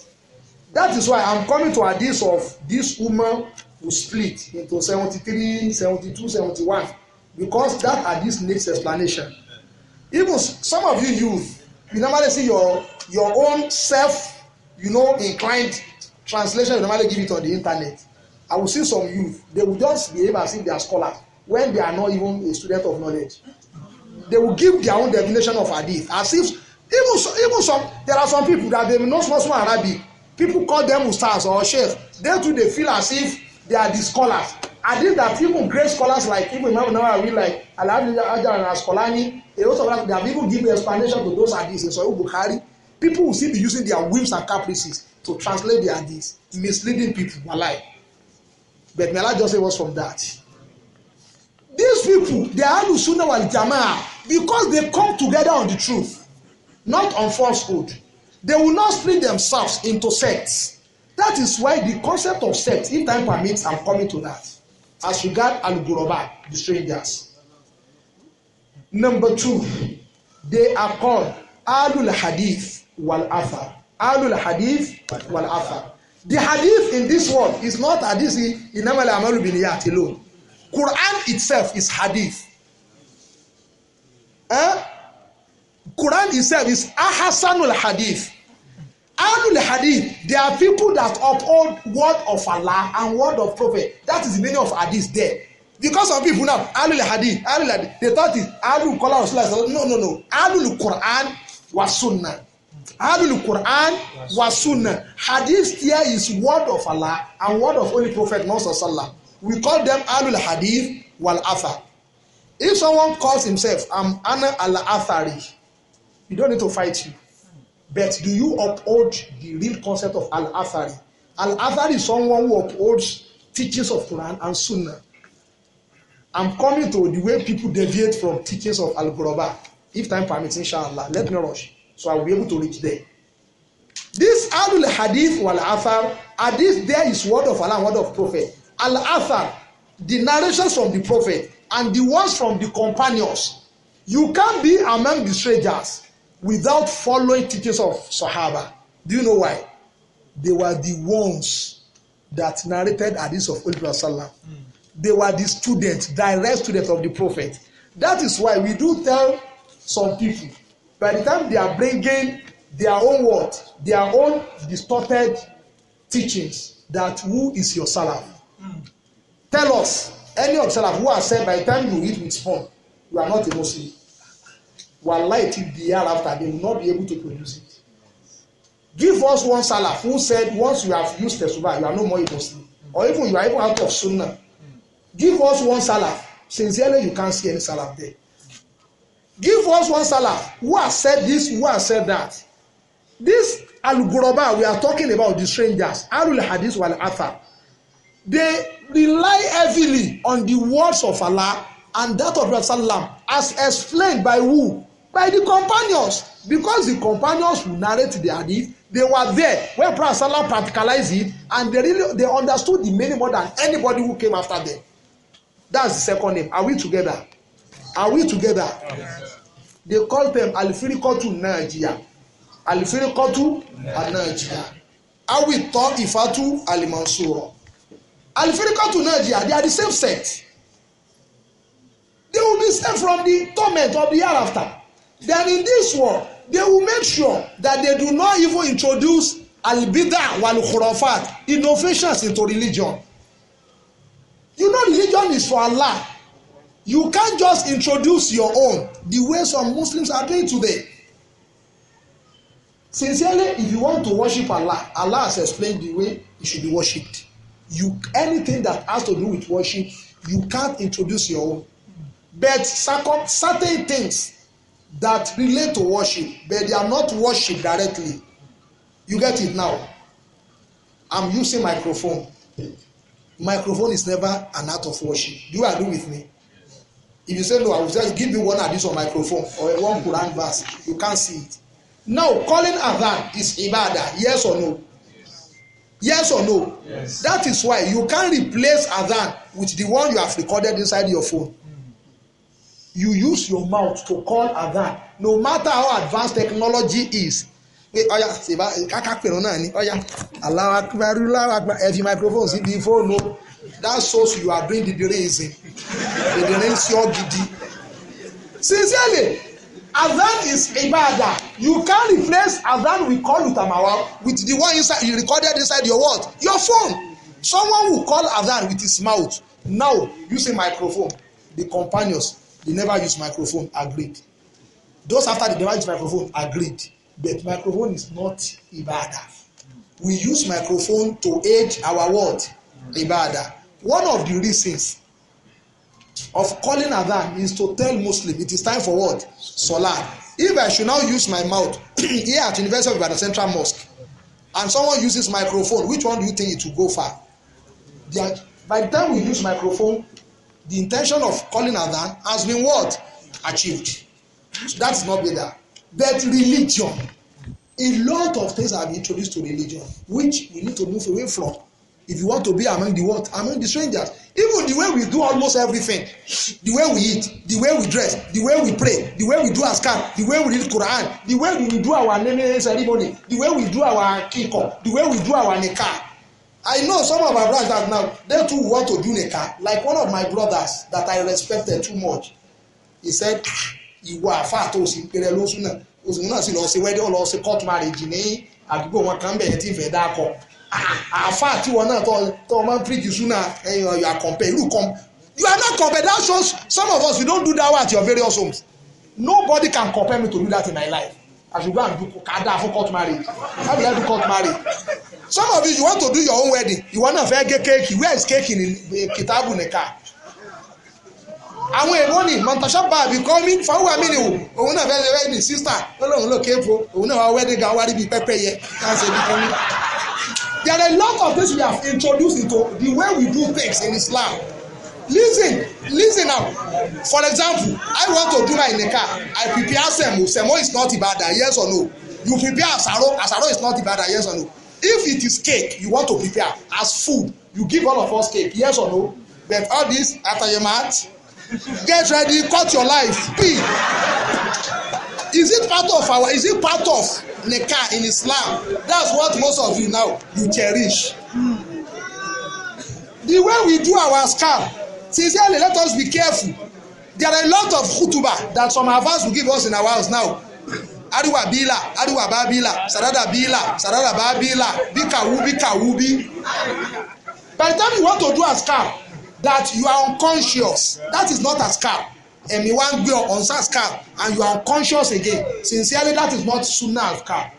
that is why i'm coming to hadith of this woman who split into seventy-three seventy-two seventy-one because that hadith needs explanation even some of you youth you normally see your your own self you know inclined translation you normally give it on the internet i will see some youth they will just behave as if they are scholars when they are not even a student of knowledge they will give their own definition of hadith as if even even some there are some people that they know small small arabic people call them ustaz or sheikh they too dey feel as if they are the scholars i think that even great scholars like even imam nawawi like alhaji ajar and askolani a lot of them they have even given explanation to those hadiths in sahih bukhari people will still be using their whims and caprices to translate their hadiths misleading people walai but may allah just save us from that these people they are alusunna wal jamaa because they come together on the truth not on falsehood They will not split themselves into sects. That is why the concept of sects. if time permits, I'm coming to that. As regard Al-Ghuraba, the strangers. Number two, they are called Alul Hadith wal Athar. Alul Hadith wal Athar. The hadith in this world is not hadith in Amal Amalu Biniyat alone. Quran itself is hadith. Eh? Quran itself is Ahasanul Hadith. Ahlul Hadith, there are people that uphold word of Allah and word of prophet. That is the meaning of Hadith there. Because some people now, Ahlul Hadith, Ahlul Hadith, they thought it, Ahlul Kola Rasulullah. No, no, no. Ahlul Quran was Sunnah. Ahlul Quran was Sunnah. Hadith here is word of Allah and word of Holy Prophet Muhammad. We call them Ahlul Hadith wal Athar. If someone calls himself, I'm Anna al Athari, you don't need to fight you. But do you uphold the real concept of Al-Athari? Al-Athari is someone who upholds teachings of Quran and Sunnah. I'm coming to the way people deviate from teachings of Al-Ghuraba. If time permits, inshallah, let me rush so I will be able to reach there. This Ahlul Hadith wal Athar, Hadith there is word of Allah, word of Prophet. Al Athar, the narrations from the Prophet and the ones from the companions. You can't be among the strangers without following teachings of Sahaba. Do you know why? They were the ones that narrated hadith of Holy Prophet Sallam. Mm. They were the students, direct students of the Prophet. That is why we do tell some people by the time they are bringing their own word, their own distorted teachings, that who is your Salaf? Mm. Tell us, any of Salaf who are said by the time you eat with spoon, you are not a Muslim wallahi till the year after they will not be able to produce it give us one salaf who said once you have used tesuba you are no more a muslim or even you are even out of sunnah give us one salaf sincerely you can't see any salaf there give us one salaf who has said this who has said that this alugoroba we are talking about the strangers arul hadith wal athar they rely heavily on the words of allah and that of rasulullah as explained by who by the companions because the companions who narrate the hadith they were there when Prophet Salah practicalized it and they really they understood the meaning more than anybody who came after them that's the second name are we together are we together yes. they call them alifirikotu najiya alifirikotu najiya awitọ ifatu alimansuro alifirikotu najiya they are the same set. they will be saved from the torment of the hereafter then in this world they will make sure that they do not even introduce albida walkhurafat innovations into religion you know religion is for allah you can't just introduce your own the way some muslims are doing today sincerely if you want to worship allah allah has explained the way you should be worshipped you anything that has to do with worship you can't introduce your own but certain things that relate to worship but they are not worship directly you get it now i'm using microphone microphone is never an act of worship do you agree with me if you say no i will just give you one hadith on microphone or one quran verse you can see it now calling adhan is ibadah yes or no yes or no yes. that is why you can replace adhan with the one you have recorded inside your phone you use your mouth to call adhan no matter how advanced technology is pé ọyá kaka, kákápẹ̀rún náà ni ọyá aláwa parí láwa gba ẹ fi microphone sí ibi fóònù that shows you are doing the raising the raising ọ gidi sincerely adhan is ibada you can replace adhan we call utamawa with the one inside you recorded inside your what your phone someone will call adhan with his mouth now using microphone the companions they never use microphone agreed those after they never use microphone agreed but microphone is not Ibada. we use microphone to aid our word Ibada. one of the reasons of calling adhan is to tell muslim it is time for what salah if i should now use my mouth here at university of ibadan central mosque and someone uses microphone which one do you think it will go far are, by the time we use microphone the intention of calling adhan has been what achieved so that's not beda but religion a lot of things have been introduced to religion which we need to move away from if you want to be among the what among the strangers even the way we do almost everything the way we eat the way we dress the way we pray the way we do askar the way we read quran the way we do our naming ceremony the way we do our kikọ the way we do our nikah I know some of my brothers now they too want to do nika. like one of my brothers that I respected too much he said ah, ìwọ àfa tó o sì ń pèrè lóṣù náà oṣù náà sì lọ sí wedding lọ sí court marriage ní àdúgbò wọn kan bẹ̀yẹn tí ìfẹ́ dá kọ ah, àfa tí wọn náà tó o máa ń preach suna ẹ̀yìn ọ̀yọ̀ àkànpẹ̀ irú kan you are not compared that shows some of us we don't do that one at your various homes nobody can compare me to do that in my life as you go and do kada for court marriage how will I do court marriage some of you you want to do your own wedding You náà fẹ́ gé kéèkì where is kéèkì ní kìtàbù nìka àwọn èèmọ ni mọ̀tàṣọ́ bá àbí kọ́mí fáwọn àmì nìwò òun náà fẹ́ ṣe wedding sister olóhùn ló kéèpo òun náà wá wedding gown. wá rí bíi pẹ́pẹ́ yẹ káṣẹ́ bíi kọ́mí. There are a lot of things we have introduced into the way we do things in Islam. Listen, listen now. For example, I want to do my nikah. I prepare semo. Semo is not Ibadan, yes or no? You prepare asaro. Asaro is not Ibadan, yes or no? if it is cake you want to prepare as food you give all of us cake yes or no but all this after your mat get ready cut your life pee is it part of our is it part of neka in islam that's what most of you now you cherish the way we do our scam sincerely let us be careful there are a lot of kutuba that some of us will give us in our house now ariwa bila? ariwa bá bíìlà sàràdà bíìlà sàràdà bá bíìlà bíkàwú bíkàwú bí. by the time you want to do as askar that you are unconscious that is not askar ẹ̀mí wá ń gbé on ọ̀nsá askar and you are unconscious again sincerely that is not sunnah askar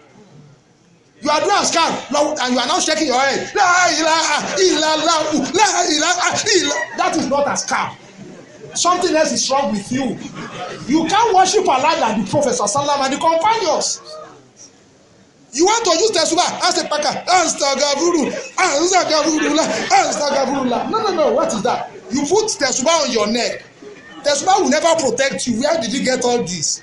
you are doing askar and you are now shaking your head la ilaha illallah la ilaha illallah that is not askar something else is wrong with you you can't worship Allah and the prophet salam and the companions you want to use tesuba as a packer anstagavuru anstagaburula anstagaburula no no no what is that you put tesuba on your neck tesuba will never protect you where did you get all this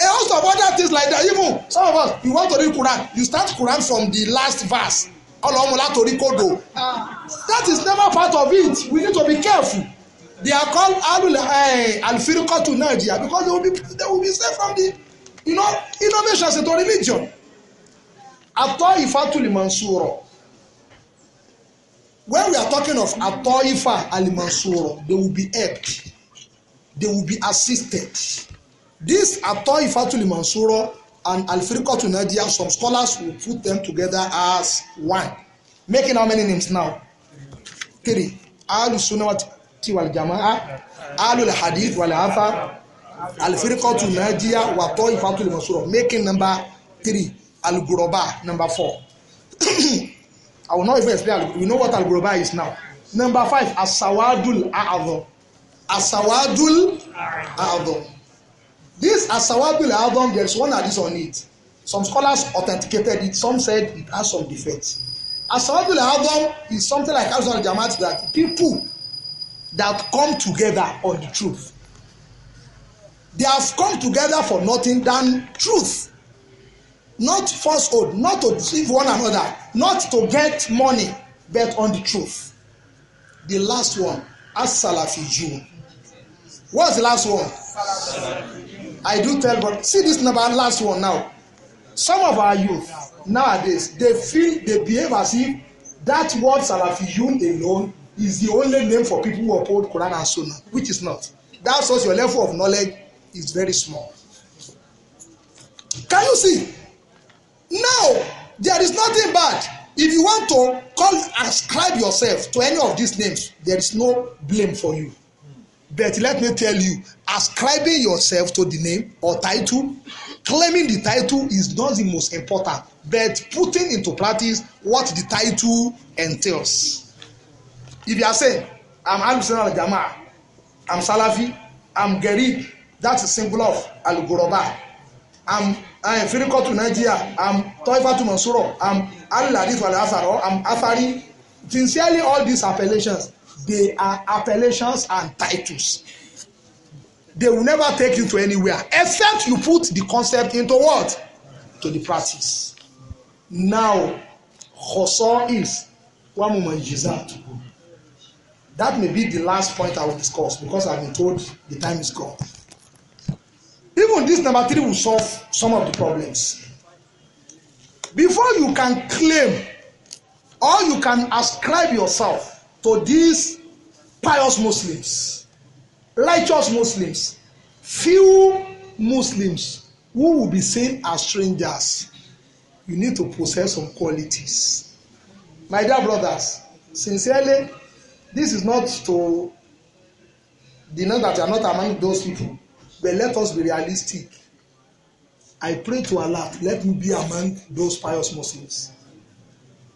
a host of other things like that even some of us you want to read quran you start quran from the last verse ọlọmọlá torí kodo that is never part of it we need to be careful they are called alul eh, alfirikatu najia because they will be they will be safe from the you know innovation is a religion atọ ifatuli tulimansuro. when we are talking of atọ ifa alimansuro they will be helped they will be assisted this atọ ifatuli tulimansuro and alfirikatu najia some scholars will put them together as one making how many names now three alusunawati sunnati wal jamaa alul hadith wal athar alifirikọtu najiya watọ ifatul masuro making number three alguroba number four i will not even explain we know what alguroba is now number five asawadul aadọ asawadul aadọ this asawadul aadọ there is one hadith on it some scholars authenticated it some said it has some defect asawadul aadọ is something like asawadul jamaat that people that come together on the truth. They have come together for nothing than truth, not falsehood, not to deceive one another, not to get money, but on the truth. The last one, As-Salafiju. What's the last one? I do tell, but see this number last one now. Some of our youth nowadays, they feel, they behave as if that word Salafiyun alone is the only name for people who uphold Quran and Sunnah, which is not. That's what your level of knowledge is very small. Can you see? Now, there is nothing bad. If you want to call ascribe yourself to any of these names, there is no blame for you. But let me tell you, ascribing yourself to the name or title, claiming the title is not the most important, but putting into practice what the title entails. If you are saying, I'm Alusunnah al Jama'ah, I'm Salafi, I'm Garib, that's a symbol of Al Ghuraba. I'm I'm to Nigeria, I'm Toifatu Mansuro, I'm Al Ladith Wal Afaro, I'm Afari. Sincerely, all these appellations, they are appellations and titles. They will never take you to anywhere except you put the concept into what? To the practice. Now, Khosor is one moment, Jesus. That may be the last point I will discuss because I've been told the time is gone. Even this number three will solve some of the problems. Before you can claim or you can ascribe yourself to these pious Muslims, righteous Muslims, few Muslims who will be seen as strangers, you need to possess some qualities. My dear brothers, sincerely, This is not to deny that you are not among those people, but let us be realistic. I pray to Allah, let me be among those pious Muslims.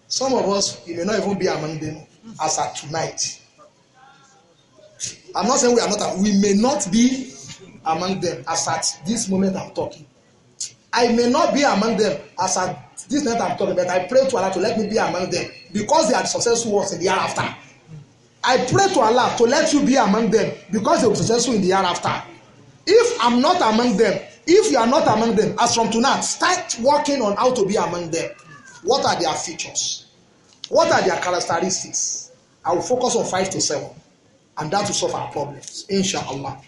Some of us, you may not even be among them as at tonight. I'm not saying we are not, we may not be among them as at this moment I'm talking. I may not be among them as at this night I'm talking, but I pray to Allah to let me be among them because they are the successful ones in the year after. I pray to Allah to let you be among them because they will be successful in the year after. If I'm not among them, if you are not among them, as from tonight, start working on how to be among them. What are their features? What are their characteristics? I will focus on five to seven, and that will solve our problems, inshallah.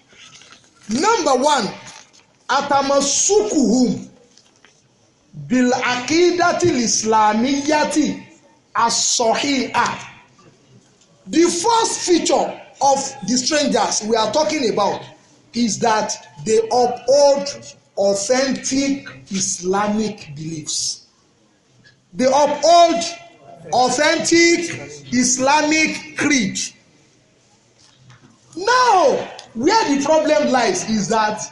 Number one, atamasukuhum bil akidati islamiyati as The first feature of the strangers we are talking about is that they uphold authentic Islamic beliefs. They uphold authentic Islamic creed. Now, where the problem lies is that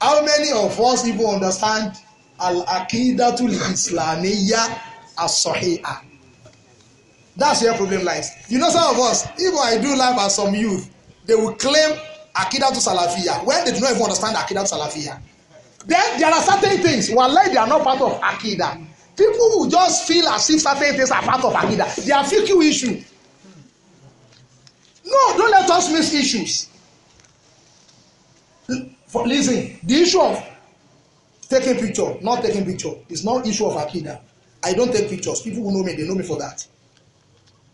how many of us even understand Al-Aqidatul Islamiyya as-Sahihah? That's where problem lies. You know, some of us, even I do life as some youth, they will claim Akida to Salafia when they do not even understand Akida to Salafia. Then there are certain things, while they are not part of Akida. People who just feel as if certain things are part of Akida, they are fiqh issue. No, don't let us miss issues. For, listen, the issue of taking picture, not taking picture, is not issue of Akida. I don't take pictures. People who know me, they know me for that.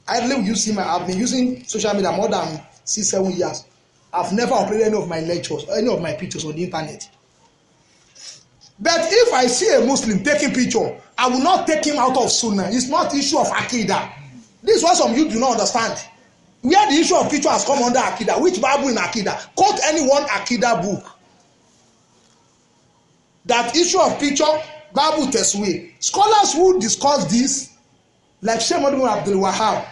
I live use him i've been using social media more than six seven years i've never uploaded any of my lectures any of my pictures on the internet but if i see a muslim taking picture i will not take him out of sunnah it's not issue of akida this is what some you do not understand where the issue of picture has come under akida which bible in akida quote any one akida book that issue of picture bible test way scholars who discuss this like shemodun abdul wahab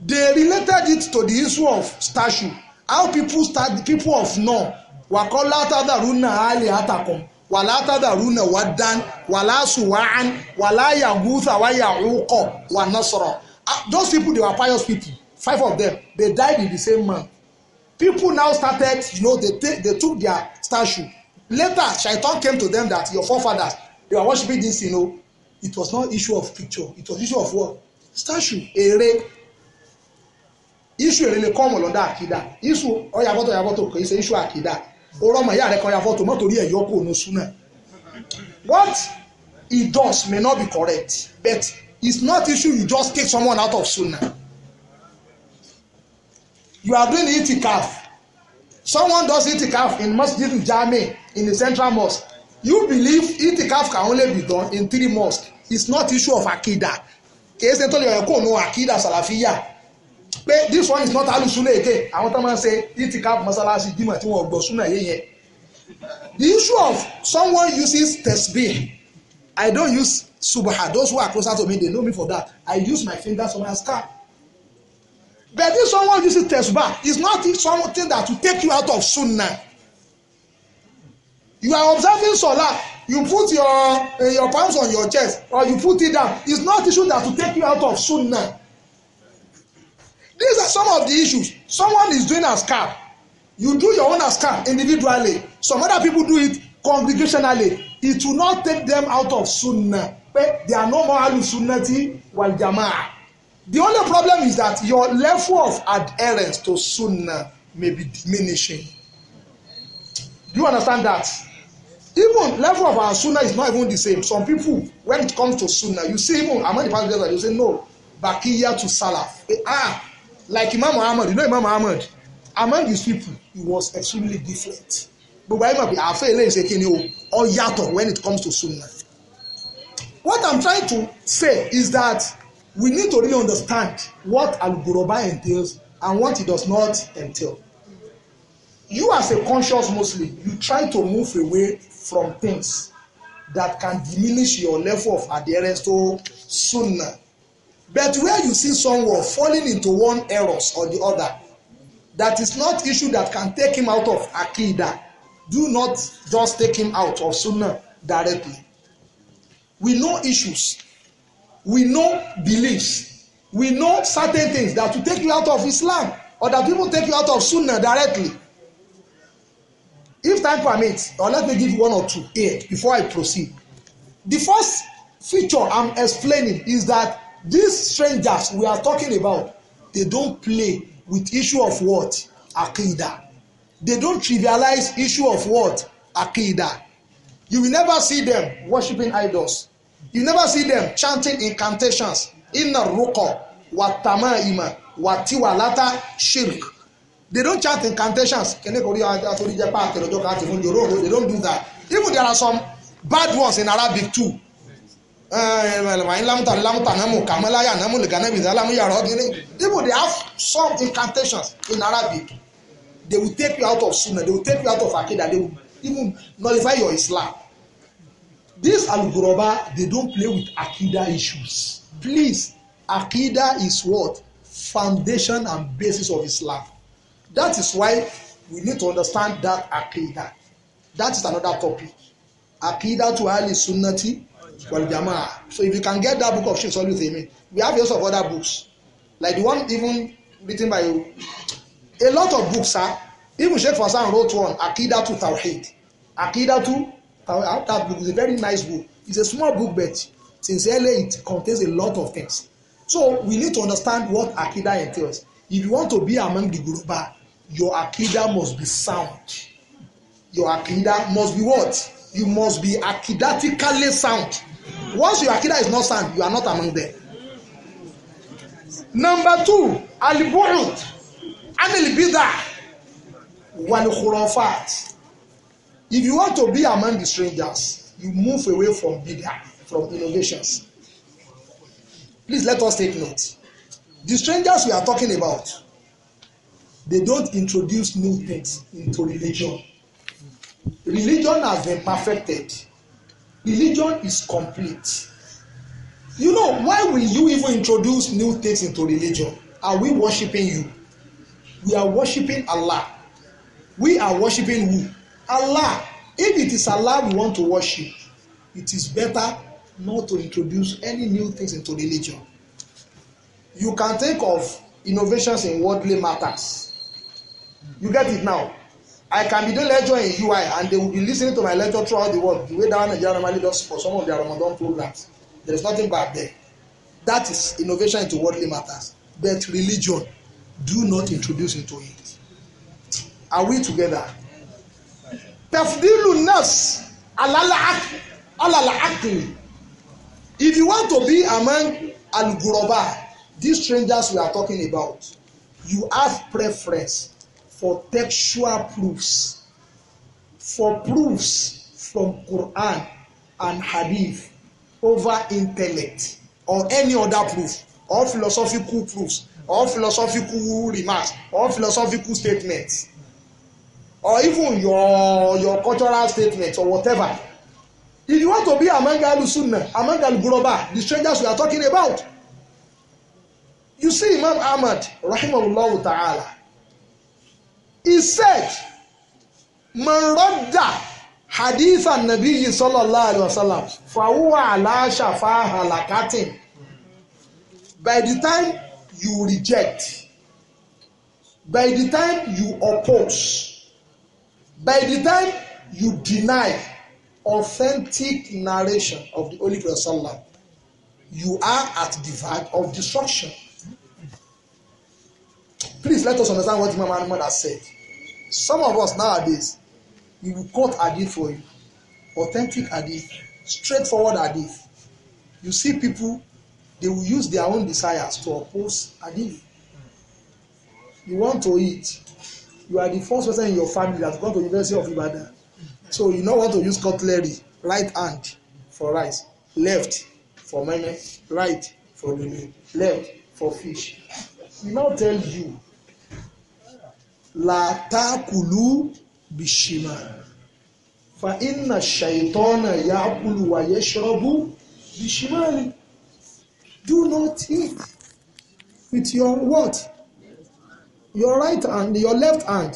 they related it to the issue of statue how people start people of Noah wakọ látàdàrú náà àlè àtàkùn wà látàdàrú náà wadan, dán wà láṣù wà án wà láyà gúúsà wà yà ọkọ wà náà sọ̀rọ̀ those people they were pious people five of them they died in the same month people now started you know they take they took their statue later shaitan came to them that your forefathers they were worshiping this you know it was not issue of picture it was issue of what statue ere iṣu èrè lè kọ́ọ̀mù akida. àkídà iṣu ọ̀yàfọ́tò ọ̀yàfọ́tò kì í ṣe iṣu àkídà orọ́ ọmọ ìyá rẹ̀ kan ọ̀yàfọ́tò mọ́tò rí ẹ̀yọ́ kò ní súnà. what he does may not be correct but it's not issue you just take someone out of suna. you are doing calf. someone does calf in masjid jami in the central mosque you believe calf can only be done in three mosques it's not issue of akida kì í ṣe tó lè ọ̀yọ́ kò ní akida salafiya pé this one is not alusuna again àwọn tó máa ń ṣe itikaf mọ́sálásí jimá tí wọ́n gbọ́ súnà yé yẹn the issue of someone uses tesbih i don't use subha those who are closer to me they know me for that i use my fingers on my scar. but if someone uses tesbah it's not something that will take you out of sunnah you are observing solar you put your uh, your palms on your chest or you put it down it's not issue that will take you out of sunnah These are some of the issues. Someone is doing askar. You do your own askar individually. Some other people do it congregationally. It will not take them out of sunnah. They are no more alu sunnati wal jama'ah. The only problem is that your level of adherence to sunnah may be diminishing. Do you understand that? Even level of our sunnah is not even the same. Some people, when it comes to sunnah, you see even among the pastors, you say no, bakiya to salaf. Ah, like Imam Ahmad you know Imam Ahmad among his people he was extremely different gbogbo ayé mọ̀ pé àáfẹ́ eléyìí ṣe kíni o ọ yàtọ̀ when it comes to sunnah what i'm trying to say is that we need to really understand what al-guraba entails and what it does not entail you as a conscious muslim you try to move away from things that can diminish your level of adherence to sunnah But where you see someone falling into one error or the other, that is not issue that can take him out of akida. Do not just take him out of sunnah directly. We know issues. We know beliefs. We know certain things that will take you out of Islam or that people take you out of sunnah directly. If time permits, or let me give one or two here before I proceed. The first feature I'm explaining is that these strangers we are talking about they don't play with issue of what akida they don't trivialize issue of what akida you will never see them worshiping idols you never see them chanting incantations inna ruko watama ima watiwalata shirk they don't chant incantations kenekori atorijepa aterojọ kan ti they don't do that even there are some bad ones in arabic too Eh, eh, eh, Lamtan Lamtan Namu Kamalaya Namu Liganabi Zalamu Yarod. They would have some incantations in Arabic. They will take you out of Sunnah, they will take you out of Akida, they will even nullify your Islam. This Al Guraba, they don't play with Akida issues. Please, Akida is what? Foundation and basis of Islam. That is why we need to understand that Akida. That is another topic. Akida to Ali Sunnati Waljamaah. So if you can get that book of Sheikh Solu Thaymin, we have also other books, like the one even written by a lot of books, sir. Even Sheikh Fasan wrote one, Akida to Tawheed. Akida to That book is a very nice book. It's a small book, but since sincerely, it contains a lot of things. So we need to understand what Akida entails. If you want to be among the Guruba, your Akida must be sound. Your Akida must be what? You must be akidatically sound. Once your akida is not sound, you are not among them. Number two, al-bu'ud anil bid'ah wal khurafat. If you want to be among the strangers, you move away from bid'ah, from innovations. Please let us take note. The strangers we are talking about, they don't introduce new things into religion. Religion has been perfected religion is complete you know why will you even introduce new things into religion are we worshiping you we are worshiping Allah we are worshiping who Allah if it is Allah we want to worship it is better not to introduce any new things into religion you can think of innovations in worldly matters you get it now I can be doing lecture in UI and they will be listening to my lecture throughout the world the way that Nigeria normally does for some of their Ramadan programs there is nothing bad there that is innovation into worldly matters but religion do not introduce into it are we together tafdilu nafs alala akili if you want to be among al these strangers we are talking about you have preference for textual proofs, for proofs from Quran and Hadith over intellect or any other proof or philosophical proofs or philosophical remarks or philosophical statements or even your your cultural statements or whatever if you want to be among al-sunnah among al-guraba the strangers we are talking about you see Imam Ahmad rahimahullah ta'ala He said, Man radda hadith and Nabi sallallahu alayhi wa sallam, fahuwa ala shafa halakatin. By the time you reject, by the time you oppose, by the time you deny authentic narration of the Holy Prophet sallallahu you are at the verge of destruction. Please let us understand what Imam Ahmad has said. Some of us nowadays, we will cut hadith for you. Authentic hadith, straightforward hadith. You see people, they will use their own desires to oppose hadith. You want to eat. You are the first person in your family that gone to University of Ibadan. So you know want to use cutlery, right hand for rice, left for meme, right for lele, left for fish. We now tell you látàkùlù bìṣìmà fa iná ṣàìtọ́nà yàkùlù wàyẹ ṣọ́bù bìṣìmà ni do not eat with your what your right hand your left hand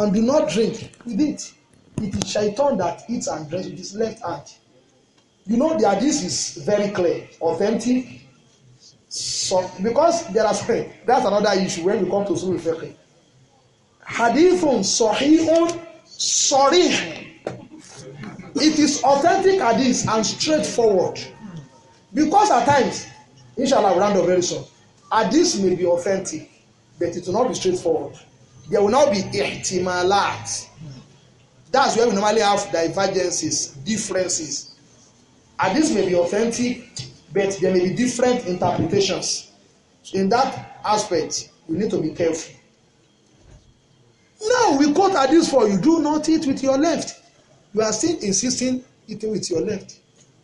and do not drink with it it is shaitan that eats and drinks with his left hand you know the this is very clear authentic so because there are that's another issue when you come to sulul fiqh hadithun sahihun sarih it is authentic hadith and straightforward because at times inshallah we round up very soon hadith may be authentic but it will not be straightforward there will not be ihtimalat that's where we normally have divergences differences hadith may be authentic but there may be different interpretations in that aspect we need to be careful Now we quote hadith for you. Do not eat with your left. You are still insisting eating with your left.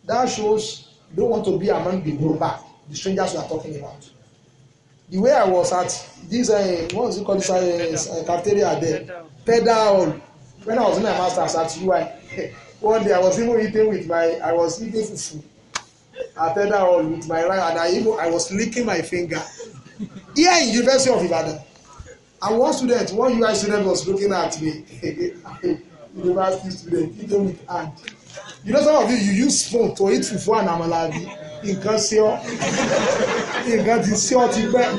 That shows you don't want to be among the broba, the strangers we are talking about. The way I was at this, uh, what was it called, this uh, uh, cafeteria there, pedal. When I was in my master's at UI, one day I was even eating with my, I was eating fufu at pedal with my right, and I even I was licking my finger. Here in University of Ibadan, And one student, one UI student was looking at me, university student, he don't with hand. You know, some of you, you use spoon to eat fufu and amala bi. Nǹkan ṣe ọ́, nǹkan ti ṣe ọ́ ti pẹ́.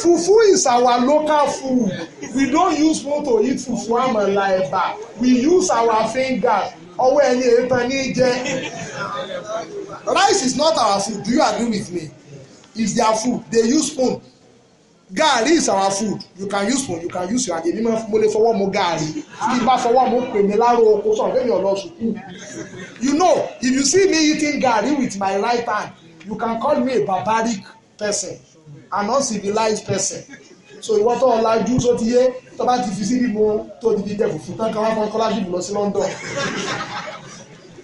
Fufu is our local food. We don't use spoon to eat fufu amala ẹ̀bà. We use our fingers. Ọwọ́ ẹni èèpẹ̀ ní jẹ. Rice is not our food. Do you agree with me? Is their food. They use spoon gaari is our food you can use one you can use your hand èmi máa mo lè fọwọ́ mu gaari bí bá fọwọ́ mu pè mí láàárọ̀ oko sọ̀rọ̀ lẹ́yìn ọ̀lọ́ you know if you see me eating gaari with my right hand you can call me a barbaric person an uncivilized person so ìwọ tó ọ̀làjú tó ti yé tó bá ti fi sí bíbo tó ti fi jẹ fùfú tán kan wá fún kọ́lájú lọ sí London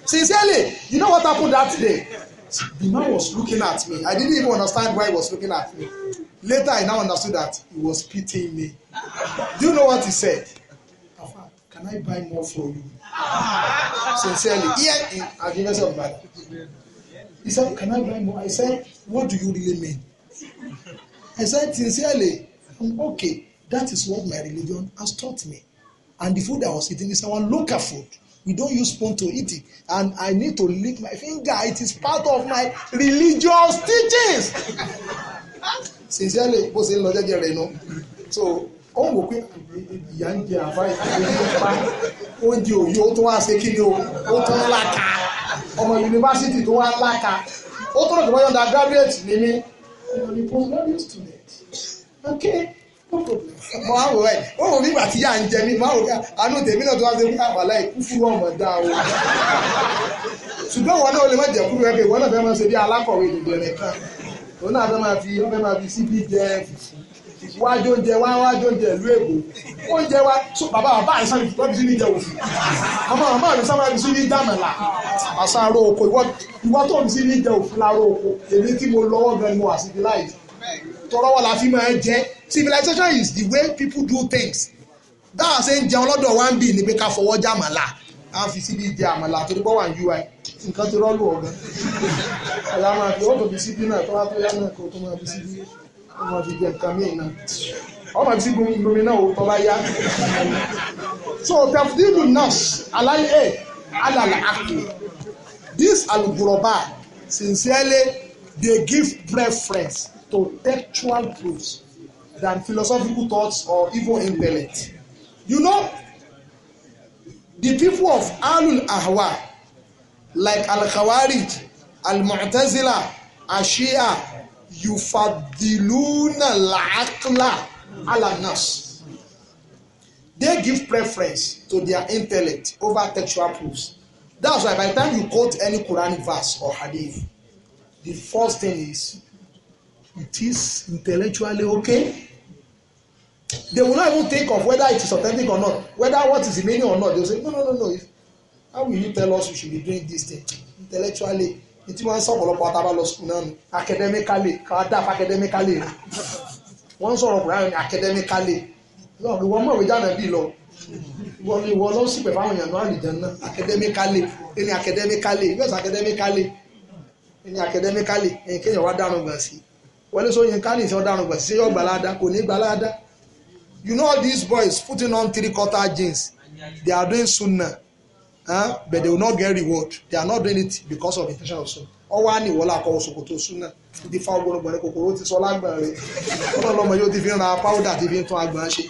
sincerely you know what happened that day the man was looking at me I didn't even understand why he was looking at me. Later, I now understood that he was pitying me. Do you know what he said? can I buy more for you? Sincerely, Yeah, in at the University of He said, Can I buy more? I said, What do you really mean? I said, Sincerely, I'm okay. That is what my religion has taught me. And the food I was eating is our local food. We don't use spoon to eat it. And I need to lick my finger. It is part of my religious teachings sincerely bó ṣe ń lọ jẹ́jẹ́ rẹ̀ nu so ó ń wò pé ìyá ń jẹ àbá ìfowópamọ́ oúnjẹ òye ó tún wá ṣe kí o ó tún ń làkà ọmọ yunifásitì tó wá ń làkà ó tún lọ́dún wáyọ̀ndà graduate ni mí ọmọ ní student okay mo á wò ẹ ó wò mí ìgbà tí yà ń jẹ mí mo á wò ká àánú tèmi náà tó wá ṣe fún àbàlá ah, ìkú fún ọmọ dá o ṣùgbọ́n wọn náà ó lè má jẹ́ kúrú ẹ pé ìwọ náà fẹ́ máa ṣe bí alákọ̀wé ìdìbò ẹ̀rẹ̀ kan òun náà fẹ́ máa fi ó fẹ́ máa fi síbí jẹ fùfú wájú oúnjẹ wá wájú oúnjẹ ìlú èbó oúnjẹ wá so bàbá bàbá àìsàn mi wọ́n fi sí ní ìjẹun fún ọmọ ọmọ mi sábà fi sí ní ìdámẹ̀lá àṣàrò oko ìwọ tó ń sí ní ìjẹun fún láró oko èmi tí mo lọ́wọ́ gan mo wà civilized tọrọwọ́ la fi máa ń jẹ civilization is the way people do things dáhà ṣe ń jẹun lọ́dọ̀ wa ń bì ní pé ká fọwọ́ jàmàlà á fi sí ní ìjẹ àmàlà torí bọ́ wà ní ui nǹkan ti rọ́lù ọ̀gá ẹ̀yà máa fi ọ̀tọ̀ bíi síbí náà tó bá yá so tafdilu nafs aláyé alàlà àkè these alugurọba sincerely they give preference to textual proofs than philosophical thoughts or even intellect you know the people of alul Ahwah like al-khawarij al-mu'tazila ashia yufadiluna al-aqla ala nas they give preference to their intellect over textual proofs. That's why by the time you quote any Quran verse or hadith, the first thing is, it is intellectually okay. They will not even think of whether it is authentic or not, whether what is the meaning or not. They will say, no, no, no, no how will you tell us we should be doing this thing intellectually ní tí wọ́n ń sọ̀pọ̀lọpọ̀ àtàbà lọ sùkúl náà nù academically káwá dáf academically rẹ̀ wọ́n ń sọ̀rọ̀ kùrán academically lọ ìwọ mọ̀ ìwé jáde bí lọ ìwọ ni ìwọ lọ sí pẹ̀lú àwọn èèyàn náà àlìjẹ náà academically ẹni academically yóò sọ academically ẹni academically ẹni kéèyàn wá dànù gbà sí wọlé sóyin kánì sí ọ̀daràn gbà sí ṣé yóò gbà láàdá kò ní gbà you know all these boys putting on three quarter jeans they are doing sunnah huh? but they will not get reward they are not doing it because of intention of sin ọwọ́ àní ìwọ́lá akọ òṣòkòtò súnà títí fa ogbonogbo ní kòkòrò ti sọ lágbàá rẹ ọlọ́mọ yóò ti fi ra powder ti fi ń tún àgbà ṣe.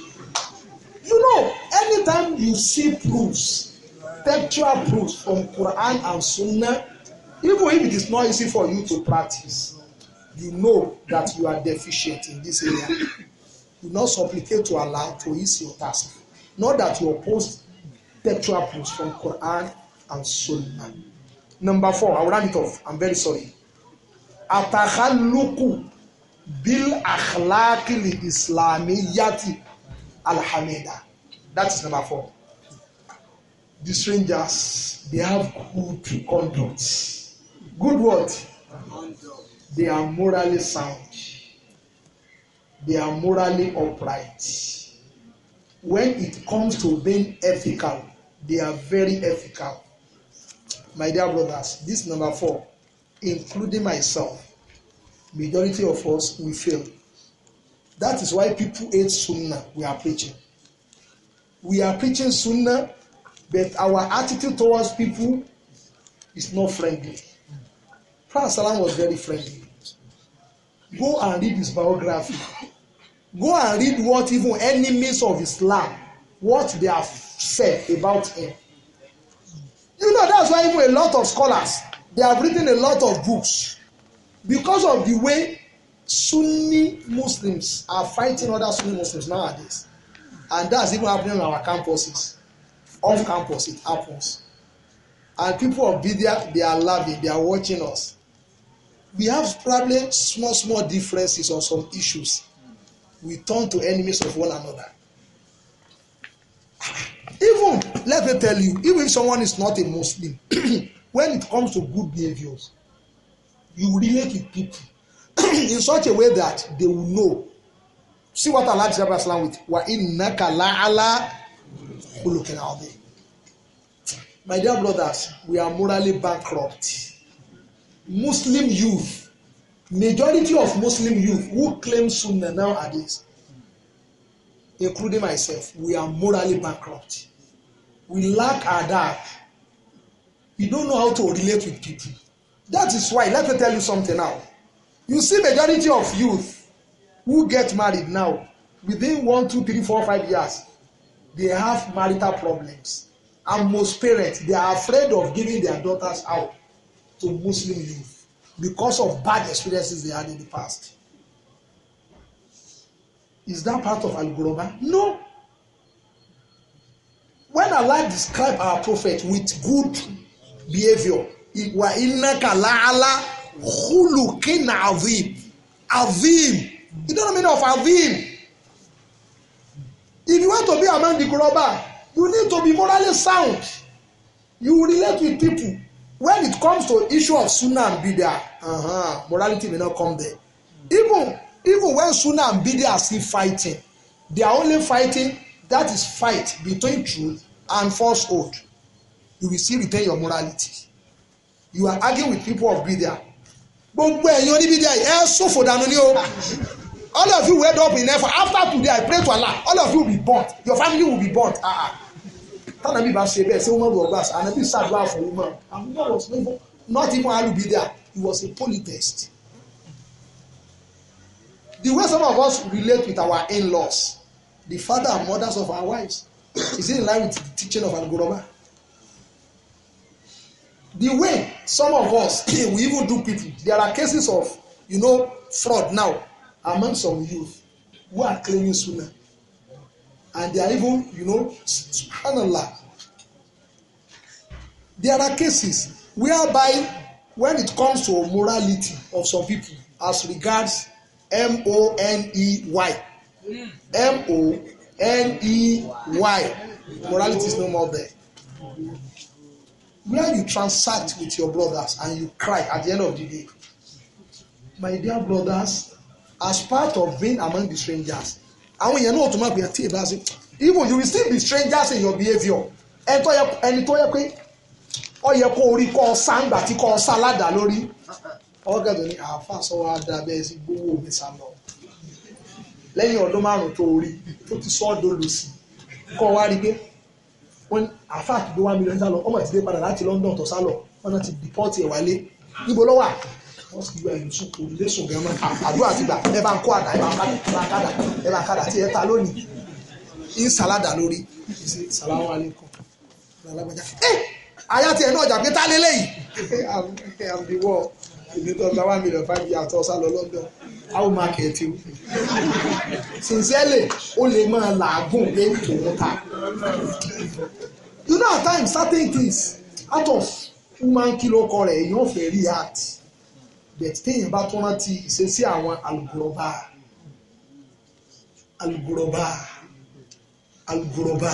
you know anytime you see proofs textual proofs from Quran and Sunnah even if it is not easy for you to practice you know that you are deficient in this area You not supplicate to Allah to ease your task not that you oppose textual proofs from Quran and Sunnah. Number four, I will round it off. I'm very sorry. Atakhaluku bil li islamiyati alhamida. That is number four. The strangers, they have good conduct. Good what? They are morally sound. They are morally upright. When it comes to being ethical, They are very ethical. My dear brothers, this number four, including myself, majority of us, we fail. That is why people hate Sunnah we are preaching. We are preaching Sunnah, but our attitude towards people is not friendly. Prophet Salam was very friendly. Go and read his biography. Go and read what even enemies of Islam, what they have said about him. You know, that's why even a lot of scholars, they have written a lot of books because of the way Sunni Muslims are fighting other Sunni Muslims nowadays. And that's even happening on our campuses. Off campus, it happens. And people of Bidia, they are loving, they are watching us. We have probably small, small differences on some issues. We turn to enemies of one another even let me tell you even if someone is not a muslim when it comes to good behaviors you relate with people in such a way that they will know see what allah describe islam with wa innaka la ala olukina obe my dear brothers we are morally bankrupt muslim youth majority of muslim youth who claim sunnah nowadays including myself, we are morally bankrupt. We lack adab. We don't know how to relate with people. That is why, let me tell you something now. You see majority of youth who get married now, within one, two, three, four, five years, they have marital problems. And most parents, they are afraid of giving their daughters out to Muslim youth because of bad experiences they had in the past. Is that part of Al-Ghuraba? No. When Allah described our prophet with good behavior, wa innaka la'ala khuluqin azim. Azim. You know the meaning of azim? If you want to be among the Ghuraba, you need to be morally sound. You relate with people. When it comes to issue of sunnah and bidah, uh-huh, morality may not come there. Even even when Sunnah and Bidia are still fighting they are only fighting that is fight between truth and falsehood you will still retain your morality you are arguing with people of Bidia gbogbo ẹ̀yin oníbídíà yìí ẹ ṣòfò dànù ni o all of you wed up in effort after today I pray to Allah all of you will be burnt your family will be burnt ah ah tànàbí bá ṣe bẹ́ẹ̀ say woman wọ glass ànàbí ṣàdúrà fún woman and woman was not even alubidia he was a polytheist. The way some of us relate with our in-laws, the father and mothers of our wives, is in line with the teaching of Al-Ghuraba. The way some of us, we even do people, there are cases of, you know, fraud now among some youth who are claiming sunnah. And they are even, you know, subhanallah. There are cases whereby when it comes to morality of some people as regards m-o-n-e-y m-o-n-e-y morality is no more there where you transact with your brothers and you cry at the end of the day my dear brothers as part of being among the strangers and èèyàn náà tún máa gbìyànjú tí ìbá ṣe even you will still be strangers in your behavior. ẹni tó yẹ pé ó yẹ kó orí kọ́ ọ sá tí kọ́ ọ lórí ọ̀gàdùn ní àáfà sọ́wọ́ adábẹ́ sí gbówó mi sá lọ lẹ́yìn ọdún márùn-ún tó rí tó ti sọ́ dolo sí kọ́ wá rí pé wọ́n àáfà ti gbé wá mílíọ̀n sá lọ ọmọ ti dé padà láti London tó sá lọ wọn náà ti dìpọ́tì ẹ̀ wálé níbo lọ́wọ́ wọ́n sì gba ìlú sùn òrùlé sùn gan-an àdúrà ti gbà ẹ bá ń kó àdá ẹ bá ń kádà ẹ bá ń kádà tí ẹ ta lónìí ìsàládà lórí sàlámù alẹ́kọ̀ọ́ alágbájá ẹ ayá tiẹ̀ náà jà pé tá lélẹ́yìí àbíwọ́. èmi tó gba one million five years tó sá lọ London how market you sincerely ó lè máa làágùn pé tòun ta you know at times certain things out of human kilo kọ rẹ èèyàn fẹ́ react but téèyàn bá tún rántí ìṣesí àwọn alùpùrọ̀bà alùpùrọ̀bà alùpùrọ̀bà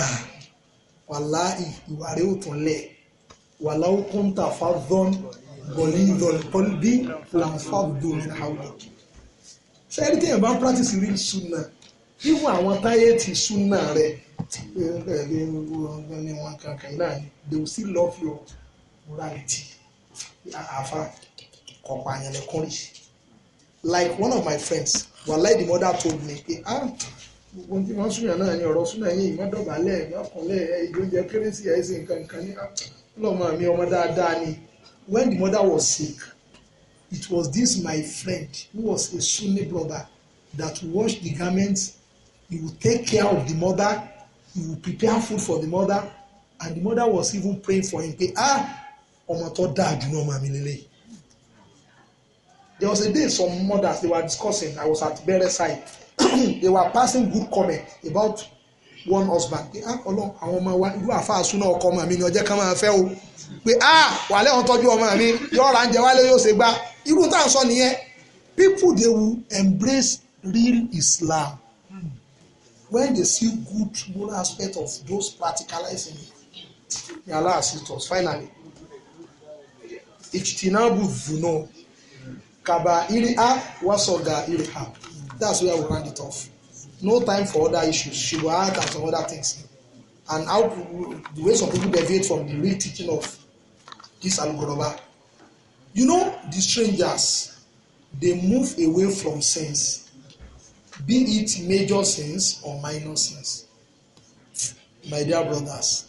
wàláì ìwà rẹ̀ ò tún lẹ̀ wàláì kúńtà fàdọ́n gọ̀lìdì kọ́lbí làǹfààbò ní hawlik ṣe ẹni tí yẹn bá ń practice rí sunna wíwọ àwọn táyé ti sunna rẹ ní wọn kankan náà ni they will still love your morality àfa kọ̀ọ̀pọ̀ àyànlẹ̀ kọ́rì like one of my friends wàláì the mother told me pé ah ohun tí wọ́n súnyàn náà ni ọ̀rọ̀ súnyàn yìí wọ́n dọ̀bálẹ̀ wọ́n kúnlẹ̀ ìjọ jẹ́ kérésì ẹ̀sìn kankan ní ah, ọlọ́mọ mi ọmọ dáadáa ni when the mother was sick it was this my friend who was a Sunni brother that washed the garments he would take care of the mother he would prepare food for the mother and the mother was even praying for him pé ah ọmọ tó dáa jù ní ọmọ mi there was a day some mothers they were discussing I was at bere side they were passing good comment about one husband pé ah ọlọ́run àwọn ọmọ wa irú àfa àsúná ọkọ ọmọ mi ni ọjọ́ kan máa fẹ́ o pé a ah, wà lẹ́wọ̀n tọ́jú ọmọ mi yóò ra oúnjẹ wálé yóò ṣe gbá irú tá à ń sọ nìyẹn people dey will embrace real Islam when they see good moral aspect of those practicalizing it yàrá assist us finally ìtìtìnàbù vùnà kàbà iri a wàsọ̀gà iri ha that's where we round it off no time for other issues ṣùgbọ́n i had some other things and how the way some people deviate from the real teaching of this Alugoroba. You know, the strangers, they move away from sins, be it major sins or minor sins. My dear brothers,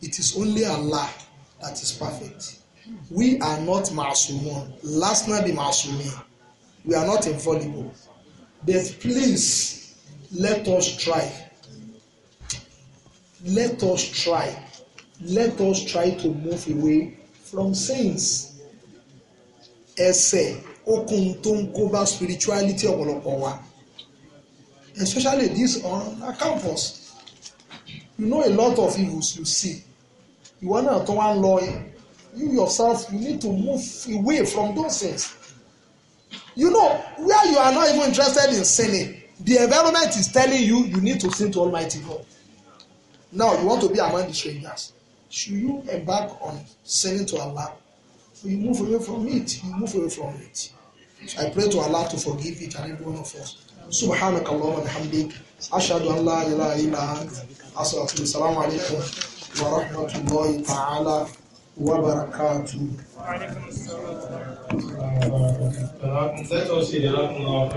it is only Allah that is perfect. We are not masumun. Last night be masumin. We are not infallible. But please let us try let us try let us try to move away from sins ẹ̀ṣẹ̀ okun to ń kó spirituality ọ̀pọ̀lọpọ̀ wa especially this on our campus you know a lot of evils you see ìwọ náà tó wá ń lọ you yourself you need to move away from those things you know where you are not even interested in sinning the environment is telling you you need to sin to Almighty God. Now you want to be among the strangers. Should you embark on sending to Allah? You move away from it. You move away from it. So I pray to Allah to forgive each and every one of us. سبحانك اللهم وبحمدك أشهد أن لا إله إلا أنت أستغفرك السلام عليكم ورحمة الله تعالى وبركاته. وعليكم